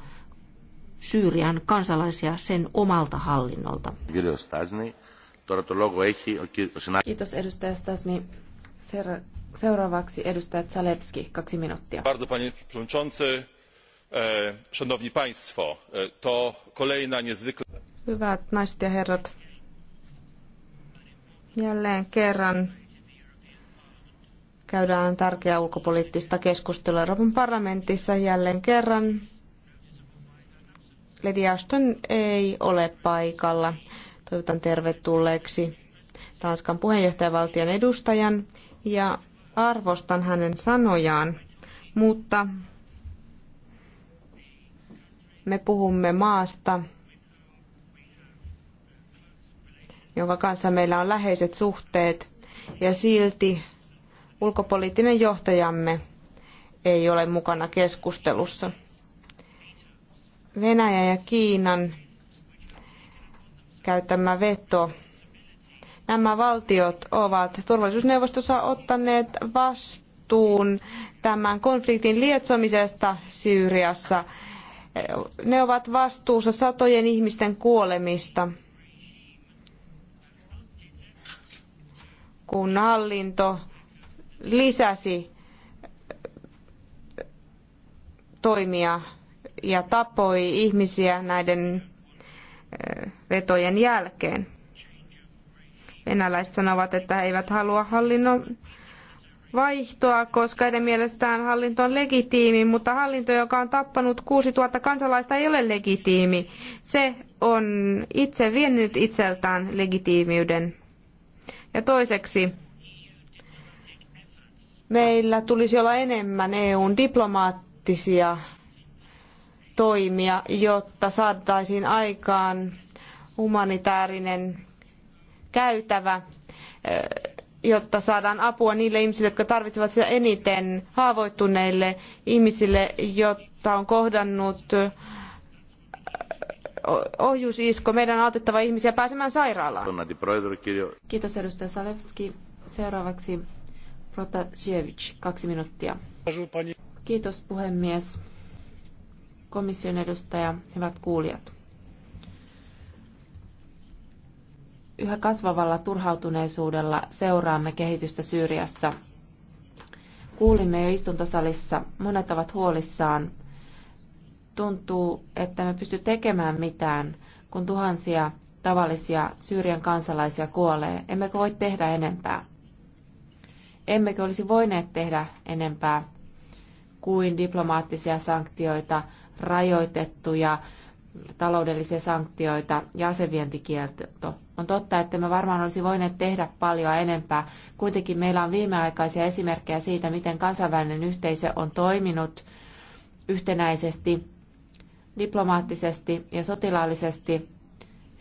Syyrian kansalaisia sen omalta hallinnolta. Kiitos edustaja Stasni. Seuraavaksi edustaja Zalecki, kaksi minuuttia. E, e, Hyvät naiset ja herrat, jälleen kerran käydään tärkeää ulkopoliittista keskustelua Euroopan parlamentissa jälleen kerran Lady Ashton ei ole paikalla. Toivotan tervetulleeksi Tanskan puheenjohtajavaltion edustajan ja arvostan hänen sanojaan, mutta me puhumme maasta, jonka kanssa meillä on läheiset suhteet ja silti ulkopoliittinen johtajamme ei ole mukana keskustelussa. Venäjän ja Kiinan käyttämä veto. Nämä valtiot ovat turvallisuusneuvostossa ottaneet vastuun tämän konfliktin lietsomisesta Syyriassa. Ne ovat vastuussa satojen ihmisten kuolemista. kun hallinto lisäsi toimia ja tapoi ihmisiä näiden vetojen jälkeen. Venäläiset sanovat, että he eivät halua hallinnon vaihtoa, koska heidän mielestään hallinto on legitiimi, mutta hallinto, joka on tappanut 6000 kansalaista, ei ole legitiimi. Se on itse viennyt itseltään legitiimiyden. Ja toiseksi, meillä tulisi olla enemmän EUn diplomaattisia toimia, jotta saataisiin aikaan humanitaarinen käytävä, jotta saadaan apua niille ihmisille, jotka tarvitsevat sitä eniten, haavoittuneille ihmisille, jotta on kohdannut ohjusisko. Meidän on autettava ihmisiä pääsemään sairaalaan. Kiitos edustaja Salevski. Seuraavaksi Protasiewicz, kaksi minuuttia. Kiitos puhemies komission edustaja, hyvät kuulijat. Yhä kasvavalla turhautuneisuudella seuraamme kehitystä Syyriassa. Kuulimme jo istuntosalissa, monet ovat huolissaan. Tuntuu, että me pysty tekemään mitään, kun tuhansia tavallisia Syyrian kansalaisia kuolee. Emmekö voi tehdä enempää? Emmekö olisi voineet tehdä enempää kuin diplomaattisia sanktioita, rajoitettuja taloudellisia sanktioita ja asevientikielto. On totta, että me varmaan olisi voineet tehdä paljon enempää. Kuitenkin meillä on viimeaikaisia esimerkkejä siitä, miten kansainvälinen yhteisö on toiminut yhtenäisesti, diplomaattisesti ja sotilaallisesti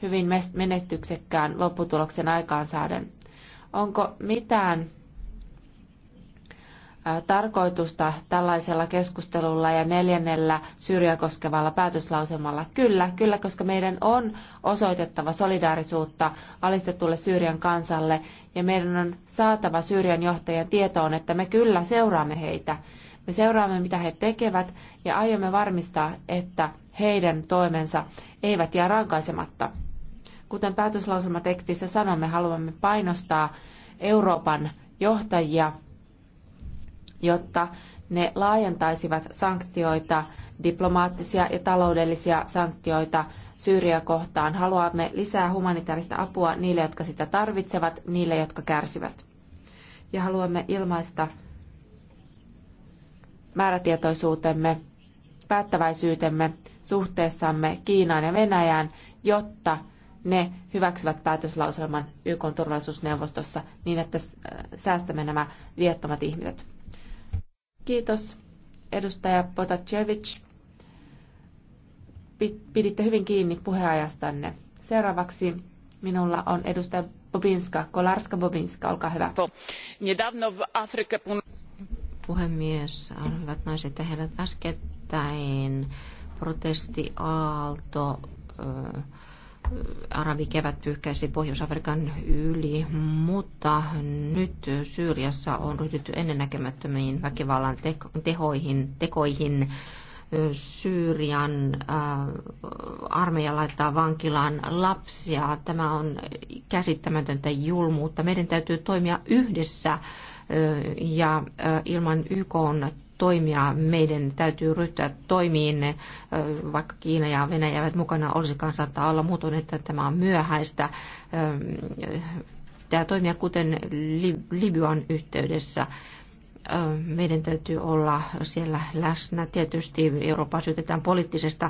hyvin menestyksekkään lopputuloksen aikaansaaden. Onko mitään tarkoitusta tällaisella keskustelulla ja neljännellä syrjää koskevalla päätöslauselmalla. Kyllä, kyllä, koska meidän on osoitettava solidaarisuutta alistetulle Syyrian kansalle ja meidän on saatava Syyrian johtajien tietoon, että me kyllä seuraamme heitä. Me seuraamme, mitä he tekevät ja aiomme varmistaa, että heidän toimensa eivät jää rankaisematta. Kuten päätöslauselmatekstissä sanomme, haluamme painostaa Euroopan johtajia jotta ne laajentaisivat sanktioita, diplomaattisia ja taloudellisia sanktioita Syyriä kohtaan. Haluamme lisää humanitaarista apua niille, jotka sitä tarvitsevat, niille, jotka kärsivät. Ja haluamme ilmaista määrätietoisuutemme, päättäväisyytemme suhteessamme Kiinaan ja Venäjään, jotta ne hyväksyvät päätöslauselman YK turvallisuusneuvostossa niin, että äh, säästämme nämä viettomat ihmiset. Kiitos, edustaja Potacevic. Piditte hyvin kiinni puheajastanne. Seuraavaksi minulla on edustaja Bobinska, Kolarska Bobinska, olkaa hyvä. Puhemies, hyvät naiset ja herrat, äskettäin protestiaalto äh, arabikevät pyyhkäisi Pohjois-Afrikan yli, mutta nyt Syyriassa on ryhdytty ennennäkemättömiin väkivallan tehoihin, tekoihin. Syyrian äh, armeija laittaa vankilaan lapsia. Tämä on käsittämätöntä julmuutta. Meidän täytyy toimia yhdessä äh, ja äh, ilman YK on toimia. Meidän täytyy ryhtyä toimiin, vaikka Kiina ja Venäjä eivät mukana olisikaan, saattaa olla muutoin, että tämä on myöhäistä. Tämä toimia kuten Libyan yhteydessä meidän täytyy olla siellä läsnä. Tietysti Euroopan syytetään poliittisesta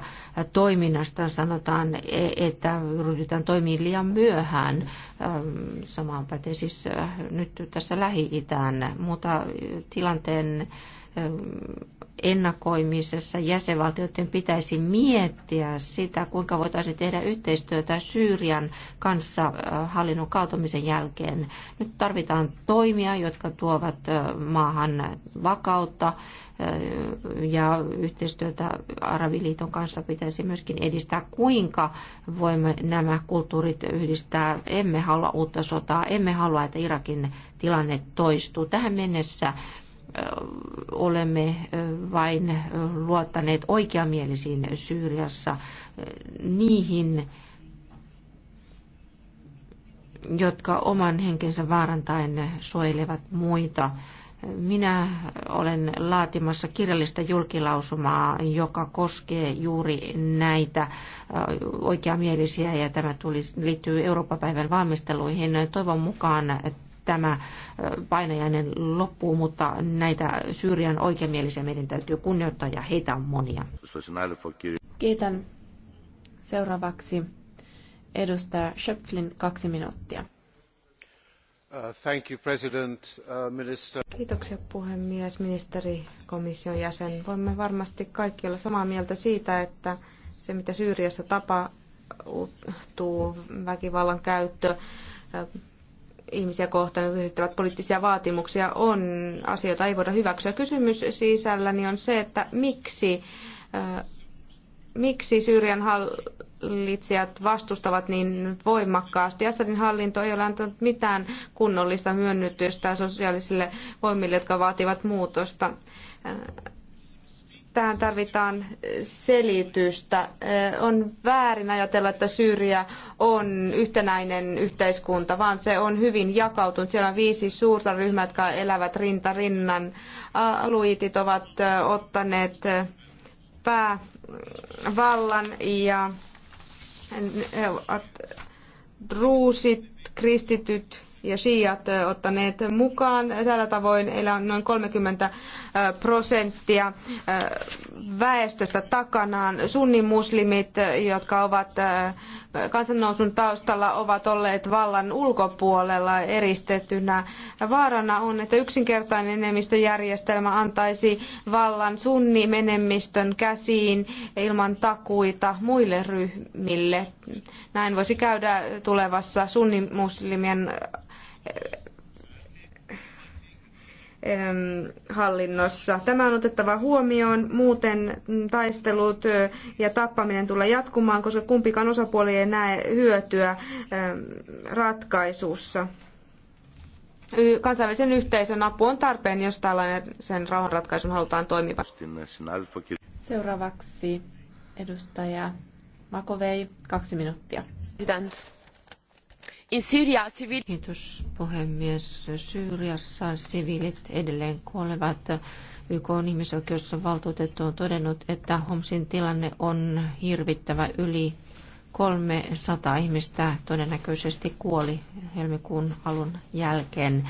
toiminnasta. Sanotaan, e, että ryhdytään toimiin liian myöhään. Samaan pätee siis nyt tässä Lähi-Itään, mutta tilanteen ennakoimisessa jäsenvaltioiden pitäisi miettiä sitä, kuinka voitaisiin tehdä yhteistyötä Syyrian kanssa hallinnon kaatumisen jälkeen. Nyt tarvitaan toimia, jotka tuovat maahan vakautta ja yhteistyötä Arabiliiton kanssa pitäisi myöskin edistää. Kuinka voimme nämä kulttuurit yhdistää? Emme halua uutta sotaa, emme halua, että Irakin tilanne toistuu. Tähän mennessä olemme vain luottaneet oikeamielisiin Syyriassa niihin, jotka oman henkensä vaarantain suojelevat muita. Minä olen laatimassa kirjallista julkilausumaa, joka koskee juuri näitä oikeamielisiä ja tämä tuli, liittyy Euroopan päivän valmisteluihin. Toivon mukaan tämä painajainen loppuu, mutta näitä Syyrian oikeamielisiä meidän täytyy kunnioittaa ja heitä on monia. Kiitän. Seuraavaksi edustaja Schöpflin kaksi minuuttia. Uh, thank you, President, uh, minister. Kiitoksia puhemies, ministeri, komission jäsen. Voimme varmasti kaikki olla samaa mieltä siitä, että se mitä Syyriassa tapahtuu, väkivallan käyttö, ihmisiä kohtaan, jotka esittävät poliittisia vaatimuksia, on asioita ei voida hyväksyä. Kysymys sisälläni on se, että miksi, äh, miksi Syyrian hallitsijat vastustavat niin voimakkaasti. Assadin hallinto ei ole antanut mitään kunnollista myönnytystä sosiaalisille voimille, jotka vaativat muutosta äh, tähän tarvitaan selitystä. On väärin ajatella, että Syyria on yhtenäinen yhteiskunta, vaan se on hyvin jakautunut. Siellä on viisi suurta ryhmää, jotka elävät rinta rinnan. Aluitit ovat ottaneet päävallan ja druusit, kristityt ja shiat ottaneet mukaan. Tällä tavoin heillä on noin 30 äh, prosenttia äh, väestöstä takanaan. Sunnimuslimit, jotka ovat äh, kansannousun taustalla, ovat olleet vallan ulkopuolella eristettynä. Vaarana on, että yksinkertainen enemmistöjärjestelmä antaisi vallan sunnimenemmistön käsiin ilman takuita muille ryhmille. Näin voisi käydä tulevassa sunnimuslimien hallinnossa. Tämä on otettava huomioon, muuten taistelut ja tappaminen tulee jatkumaan, koska kumpikaan osapuoli ei näe hyötyä ratkaisussa. Kansainvälisen yhteisön apu on tarpeen, jos tällainen sen rauhanratkaisun halutaan toimiva. Seuraavaksi edustaja Makovei, kaksi minuuttia. President. In Syria, civil... Kiitos puhemies. Syyriassa siviilit edelleen kuolevat. YK on ihmisoikeusvaltuutettu on todennut, että Homsin tilanne on hirvittävä yli 300 ihmistä todennäköisesti kuoli helmikuun alun jälkeen.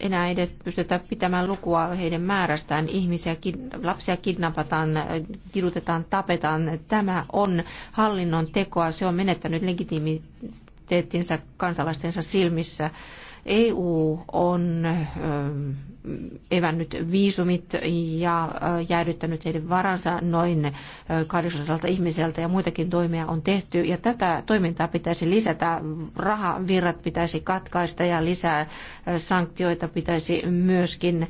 Enää ei pystytä pitämään lukua heidän määrästään. Ihmisiä, lapsia kidnapataan, kidutetaan, tapetaan. Tämä on hallinnon tekoa. Se on menettänyt legitimiteettinsä kansalaistensa silmissä. EU on ähm, evännyt viisumit ja äh, jäädyttänyt heidän varansa noin 800 äh, ihmiseltä ja muitakin toimia on tehty. Ja tätä toimintaa pitäisi lisätä, rahavirrat pitäisi katkaista ja lisää äh, sanktioita pitäisi myöskin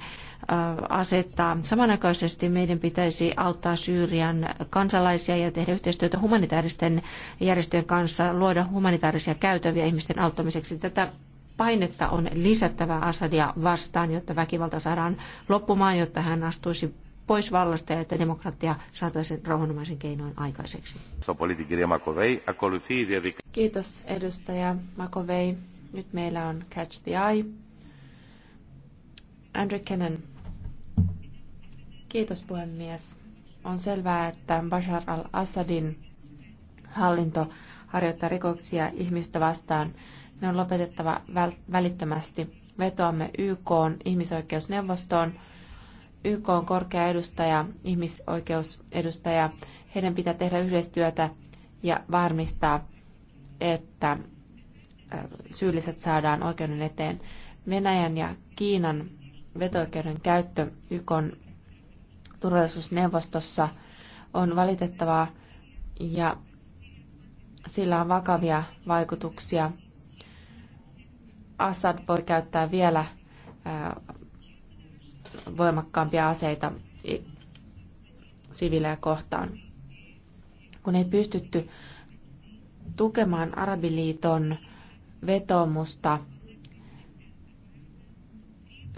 asettaa. Samanaikaisesti meidän pitäisi auttaa Syyrian kansalaisia ja tehdä yhteistyötä humanitaaristen järjestöjen kanssa, luoda humanitaarisia käytäviä ihmisten auttamiseksi. Tätä painetta on lisättävä Assadia vastaan, jotta väkivalta saadaan loppumaan, jotta hän astuisi pois vallasta ja että demokratia saataisiin rauhanomaisen keinoin aikaiseksi. Kiitos edustaja Makovei. Nyt meillä on Catch the Eye. Andrew Kennan. Kiitos puhemies. On selvää, että Bashar al-Assadin hallinto harjoittaa rikoksia ihmistä vastaan ne on lopetettava välittömästi. Vetoamme YK ihmisoikeusneuvostoon, YK on korkea edustaja, ihmisoikeusedustaja. Heidän pitää tehdä yhteistyötä ja varmistaa, että syylliset saadaan oikeuden eteen. Venäjän ja Kiinan vetoikeuden käyttö YK turvallisuusneuvostossa on valitettavaa ja sillä on vakavia vaikutuksia Assad voi käyttää vielä voimakkaampia aseita siviilejä kohtaan. Kun ei pystytty tukemaan Arabiliiton vetomusta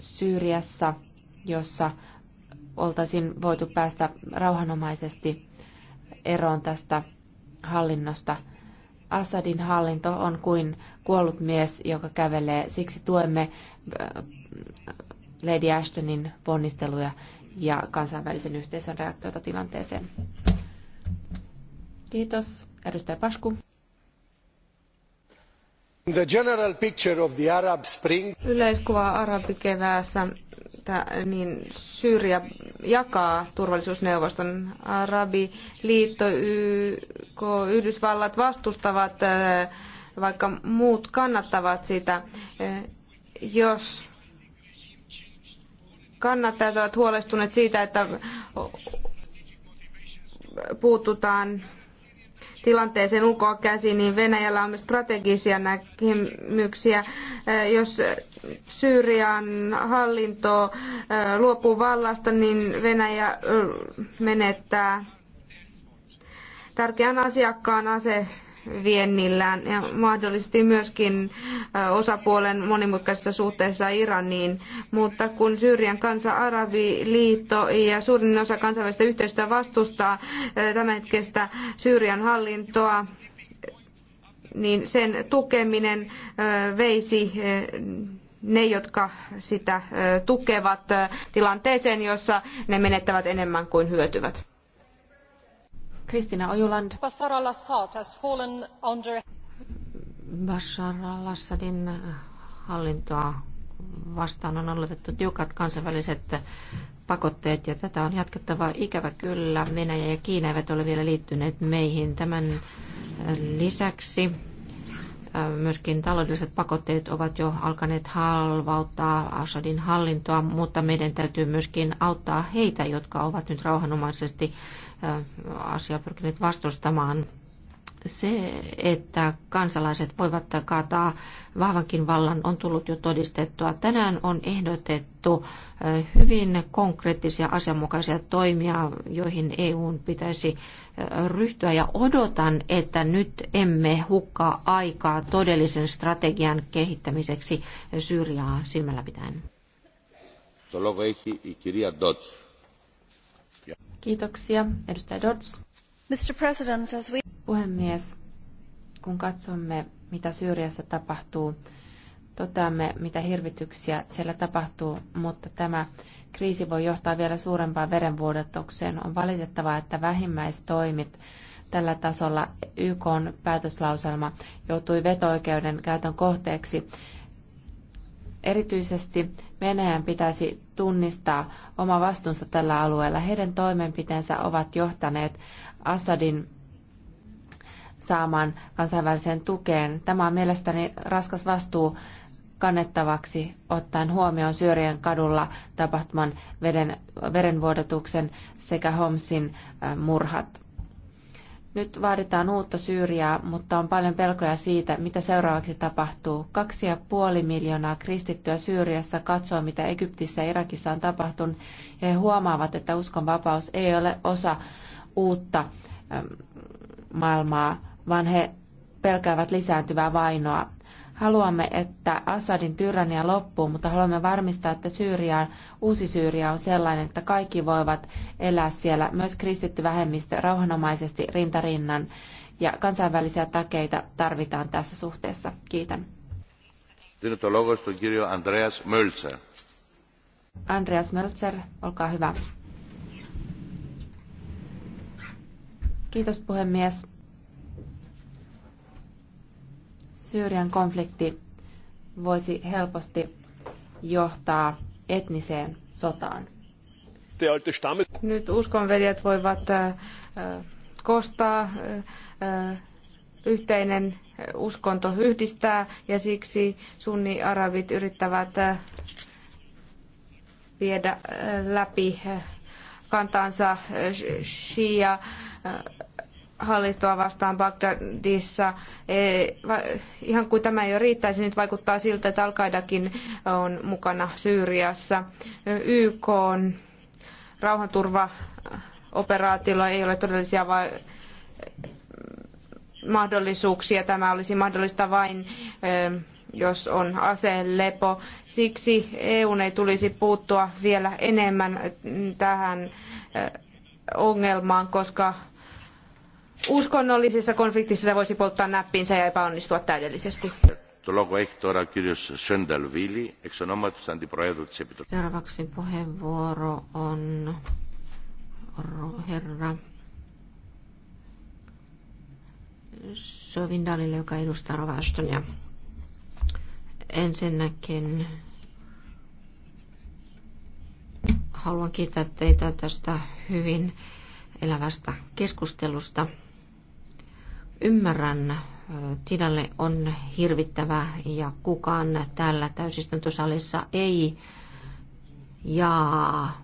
Syyriassa, jossa oltaisiin voitu päästä rauhanomaisesti eroon tästä hallinnosta – Assadin hallinto on kuin kuollut mies, joka kävelee. Siksi tuemme äh, Lady Ashtonin ponnisteluja ja kansainvälisen yhteisön reaktiota tilanteeseen. Kiitos. Edustaja Pasku. The general picture of the Arab Spring. Yleiskuva arabikeväässä että niin Syyria jakaa turvallisuusneuvoston Arabiliitto, YK, Yhdysvallat vastustavat, vaikka muut kannattavat sitä. Jos kannattajat ovat huolestuneet siitä, että puututaan tilanteeseen ulkoa käsin, niin Venäjällä on myös strategisia näkemyksiä. Jos Syyrian hallinto luopuu vallasta, niin Venäjä menettää tärkeän asiakkaan ase viennillään ja mahdollisesti myöskin osapuolen monimutkaisessa suhteessa Iraniin. Mutta kun Syyrian kansa, Arabiliitto ja suurin osa kansainvälistä yhteistyötä vastustaa tämänhetkistä Syyrian hallintoa, niin sen tukeminen veisi ne, jotka sitä tukevat tilanteeseen, jossa ne menettävät enemmän kuin hyötyvät. Kristina Ojuland. Bashar al-Assad has fallen under... Bashar al-Assadin äh, hallintoa vastaan on aloitettu tiukat kansainväliset äh, pakotteet ja tätä on jatkettava ikävä kyllä. Venäjä ja Kiina eivät ole vielä liittyneet meihin. Tämän äh, lisäksi myöskin taloudelliset pakotteet ovat jo alkaneet halvauttaa Assadin hallintoa, mutta meidän täytyy myöskin auttaa heitä, jotka ovat nyt rauhanomaisesti asiaa pyrkineet vastustamaan. Se, että kansalaiset voivat kaataa vahvankin vallan, on tullut jo todistettua. Tänään on ehdotettu hyvin konkreettisia asianmukaisia toimia, joihin EUn pitäisi ryhtyä. Ja odotan, että nyt emme hukkaa aikaa todellisen strategian kehittämiseksi Syyriaa silmällä pitäen. Το λόγο έχει η κυρία Kiitoksia. Edustaja Dodds. Mr. President, as we... Puhemies, kun katsomme, mitä Syyriassa tapahtuu, toteamme, mitä hirvityksiä siellä tapahtuu, mutta tämä kriisi voi johtaa vielä suurempaan verenvuodatukseen. On valitettavaa, että vähimmäistoimit tällä tasolla YK päätöslauselma joutui veto-oikeuden käytön kohteeksi. Erityisesti Venäjän pitäisi tunnistaa oma vastuunsa tällä alueella. Heidän toimenpiteensä ovat johtaneet Assadin saamaan kansainväliseen tukeen. Tämä on mielestäni raskas vastuu kannettavaksi ottaen huomioon Syyrian kadulla tapahtuman veden, verenvuodotuksen sekä Homsin äh, murhat. Nyt vaaditaan uutta Syyriaa, mutta on paljon pelkoja siitä, mitä seuraavaksi tapahtuu. Kaksi ja puoli miljoonaa kristittyä Syyriassa katsoo, mitä Egyptissä ja Irakissa on tapahtunut, ja he huomaavat, että uskonvapaus ei ole osa uutta maailmaa, vaan he pelkäävät lisääntyvää vainoa. Haluamme, että Assadin tyrannia loppuu, mutta haluamme varmistaa, että Syyriaan, uusi Syyria on sellainen, että kaikki voivat elää siellä, myös kristitty vähemmistö, rauhanomaisesti rintarinnan. Ja kansainvälisiä takeita tarvitaan tässä suhteessa. Kiitän. Andreas Mölzer. Andreas Mölzer, olkaa hyvä. Kiitos puhemies. Syyrian konflikti voisi helposti johtaa etniseen sotaan. Nyt uskonveljet voivat äh, äh kostaa, äh, äh, yhteinen äh, uskonto yhdistää ja siksi sunni-arabit yrittävät äh, viedä läpi kantansa shia hallintoa vastaan Bagdadissa. E, ihan kuin tämä ei ole riittäisi, nyt vaikuttaa siltä, että Al-Qaidakin on mukana Syyriassa. YK on rauhanturvaoperaatiolla ei ole todellisia va- mahdollisuuksia. Tämä olisi mahdollista vain e, jos on aseen lepo. Siksi EU ei tulisi puuttua vielä enemmän tähän e, ongelmaan, koska uskonnollisissa konflikteissa voisi polttaa näppinsä ja epäonnistua täydellisesti. Seuraavaksi puheenvuoro on herra Sovindalille, joka edustaa Rovastonia. Ensinnäkin haluan kiittää teitä tästä hyvin elävästä keskustelusta. Ymmärrän, tilanne on hirvittävä ja kukaan täällä täysistuntosalissa ei jaa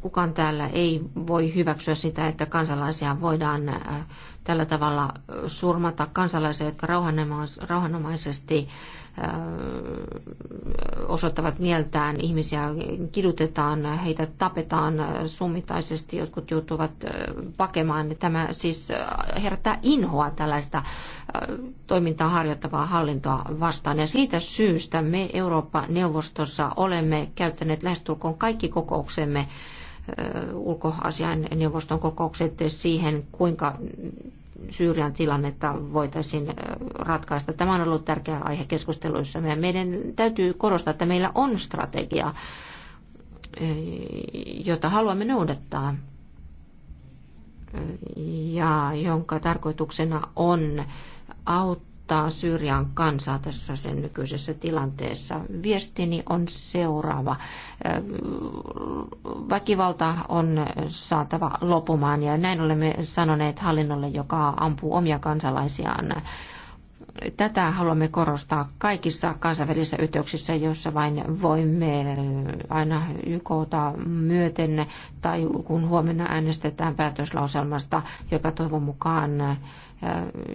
kukaan täällä ei voi hyväksyä sitä, että kansalaisia voidaan tällä tavalla surmata kansalaisia, jotka rauhanomaisesti osoittavat mieltään, ihmisiä kidutetaan, heitä tapetaan summitaisesti, jotkut joutuvat pakemaan. Tämä siis herättää inhoa tällaista toimintaa harjoittavaa hallintoa vastaan. Ja siitä syystä me Eurooppa-neuvostossa olemme käyttäneet lähestulkoon kaikki kokouksemme ulkoasian neuvoston kokoukset siihen, kuinka Syyrian tilannetta voitaisiin ratkaista. Tämä on ollut tärkeä aihe keskusteluissa. Meidän täytyy korostaa, että meillä on strategia, jota haluamme noudattaa ja jonka tarkoituksena on auttaa auttaa Syyrian kansaa tässä sen nykyisessä tilanteessa. Viestini on seuraava. Väkivalta on saatava lopumaan ja näin olemme sanoneet hallinnolle, joka ampuu omia kansalaisiaan Tätä haluamme korostaa kaikissa kansainvälisissä yhteyksissä, joissa vain voimme aina YKta myöten tai kun huomenna äänestetään päätöslauselmasta, joka toivon mukaan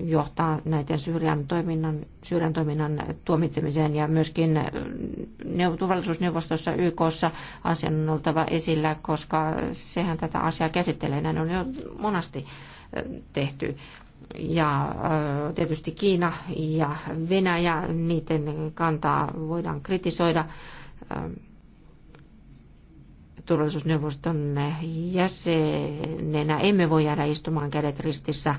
johtaa näiden Syyrian toiminnan, Syyrian toiminnan tuomitsemiseen ja myöskin turvallisuusneuvostossa YKssa asian on oltava esillä, koska sehän tätä asiaa käsittelee. Näin on jo monasti tehty ja äh, tietysti Kiina ja Venäjä, niiden kantaa voidaan kritisoida. Ähm, turvallisuusneuvoston jäsenenä emme voi jäädä istumaan kädet ristissä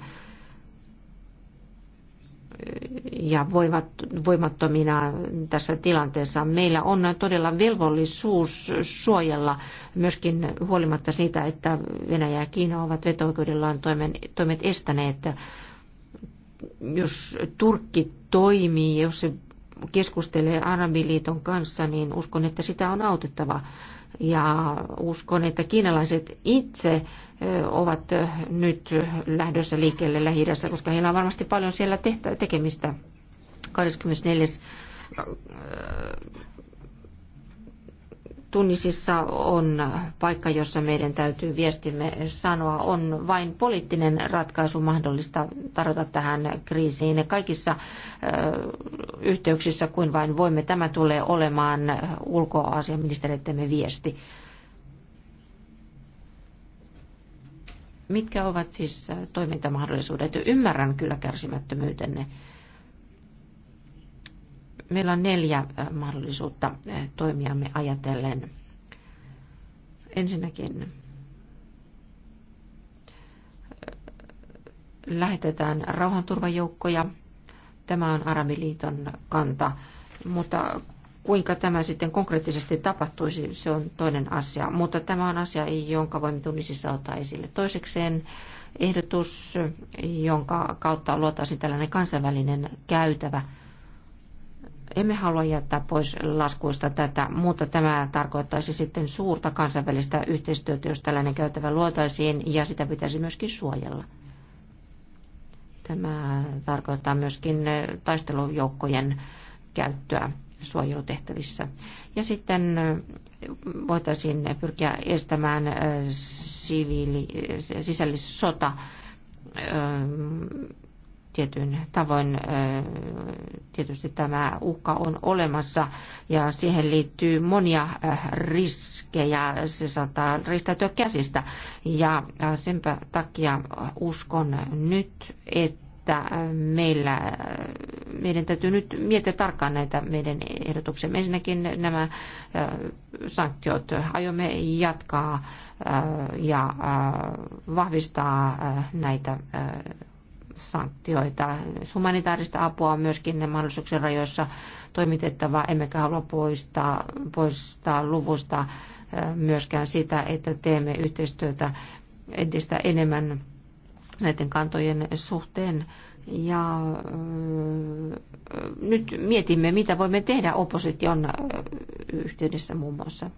ja voivat, voimattomina tässä tilanteessa. Meillä on todella velvollisuus suojella myöskin huolimatta siitä, että Venäjä ja Kiina ovat veto-oikeudellaan toimet estäneet. Jos Turkki toimii, jos se keskustelee Arabiliiton kanssa, niin uskon, että sitä on autettava. Ja uskon, että kiinalaiset itse ovat nyt lähdössä liikkeelle lähi koska heillä on varmasti paljon siellä tehtä- tekemistä. 24. Tunisissa on paikka, jossa meidän täytyy viestimme sanoa, on vain poliittinen ratkaisu mahdollista tarjota tähän kriisiin. Kaikissa yhteyksissä kuin vain voimme, tämä tulee olemaan ulkoasiaministeriöidemme viesti. Mitkä ovat siis äh, toimintamahdollisuudet? Ymmärrän kyllä kärsimättömyytenne. Meillä on neljä äh, mahdollisuutta äh, toimiamme ajatellen. Ensinnäkin lähetetään rauhanturvajoukkoja. Tämä on Arabiliiton kanta, mutta Kuinka tämä sitten konkreettisesti tapahtuisi, se on toinen asia. Mutta tämä on asia, jonka voimme tunnisissa ottaa esille. Toisekseen ehdotus, jonka kautta luotaisiin tällainen kansainvälinen käytävä. Emme halua jättää pois laskuista tätä, mutta tämä tarkoittaisi sitten suurta kansainvälistä yhteistyötä, jos tällainen käytävä luotaisiin, ja sitä pitäisi myöskin suojella. Tämä tarkoittaa myöskin taistelujoukkojen käyttöä suojelutehtävissä. Ja sitten voitaisiin pyrkiä estämään siviili, sisällissota tietyn tavoin. Tietysti tämä uhka on olemassa ja siihen liittyy monia riskejä. Se saattaa ristäytyä käsistä ja senpä takia uskon nyt, että että äh, meillä, äh, meidän täytyy nyt miettiä tarkkaan näitä meidän ehdotuksia. Ensinnäkin nämä äh, sanktiot aiomme jatkaa ja vahvistaa näitä sanktioita. Humanitaarista apua on myöskin ne mahdollisuuksien rajoissa toimitettava. Emmekä halua poistaa, poistaa luvusta myöskään sitä, että teemme yhteistyötä entistä enemmän näiden kantojen suhteen. Ja äh, nyt mietimme, mitä voimme tehdä opposition yhteydessä muun muassa.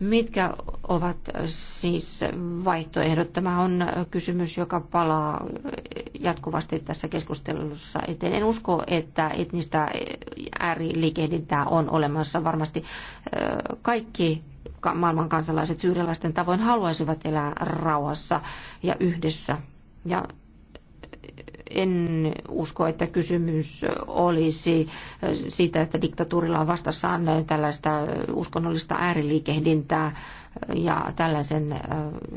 Mitkä ovat siis vaihtoehdot? Tämä on kysymys, joka palaa jatkuvasti tässä keskustelussa eteen. En usko, että etnistä ääriliikehdintää on olemassa. Varmasti kaikki maailman kansalaiset syyrialaisten tavoin haluaisivat elää rauhassa ja yhdessä. Ja en usko, että kysymys olisi siitä, että diktatuurilla on vastassaan tällaista uskonnollista ääriliikehdintää ja tällaisen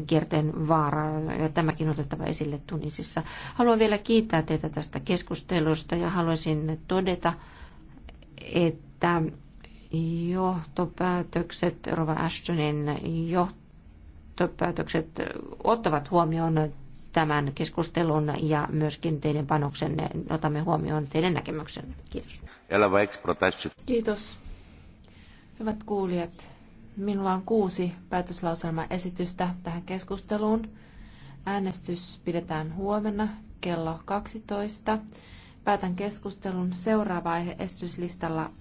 kierteen vaaraa. Ja tämäkin otettava esille Tunisissa. Haluan vielä kiittää teitä tästä keskustelusta ja haluaisin todeta, että johtopäätökset, Rova Ashtonin johtopäätökset ottavat huomioon tämän keskustelun ja myöskin teidän panoksenne. Otamme huomioon teidän näkemyksenne. Kiitos. Kiitos. Hyvät kuulijat, minulla on kuusi päätöslauselmaesitystä tähän keskusteluun. Äänestys pidetään huomenna kello 12. Päätän keskustelun. Seuraava aihe esityslistalla on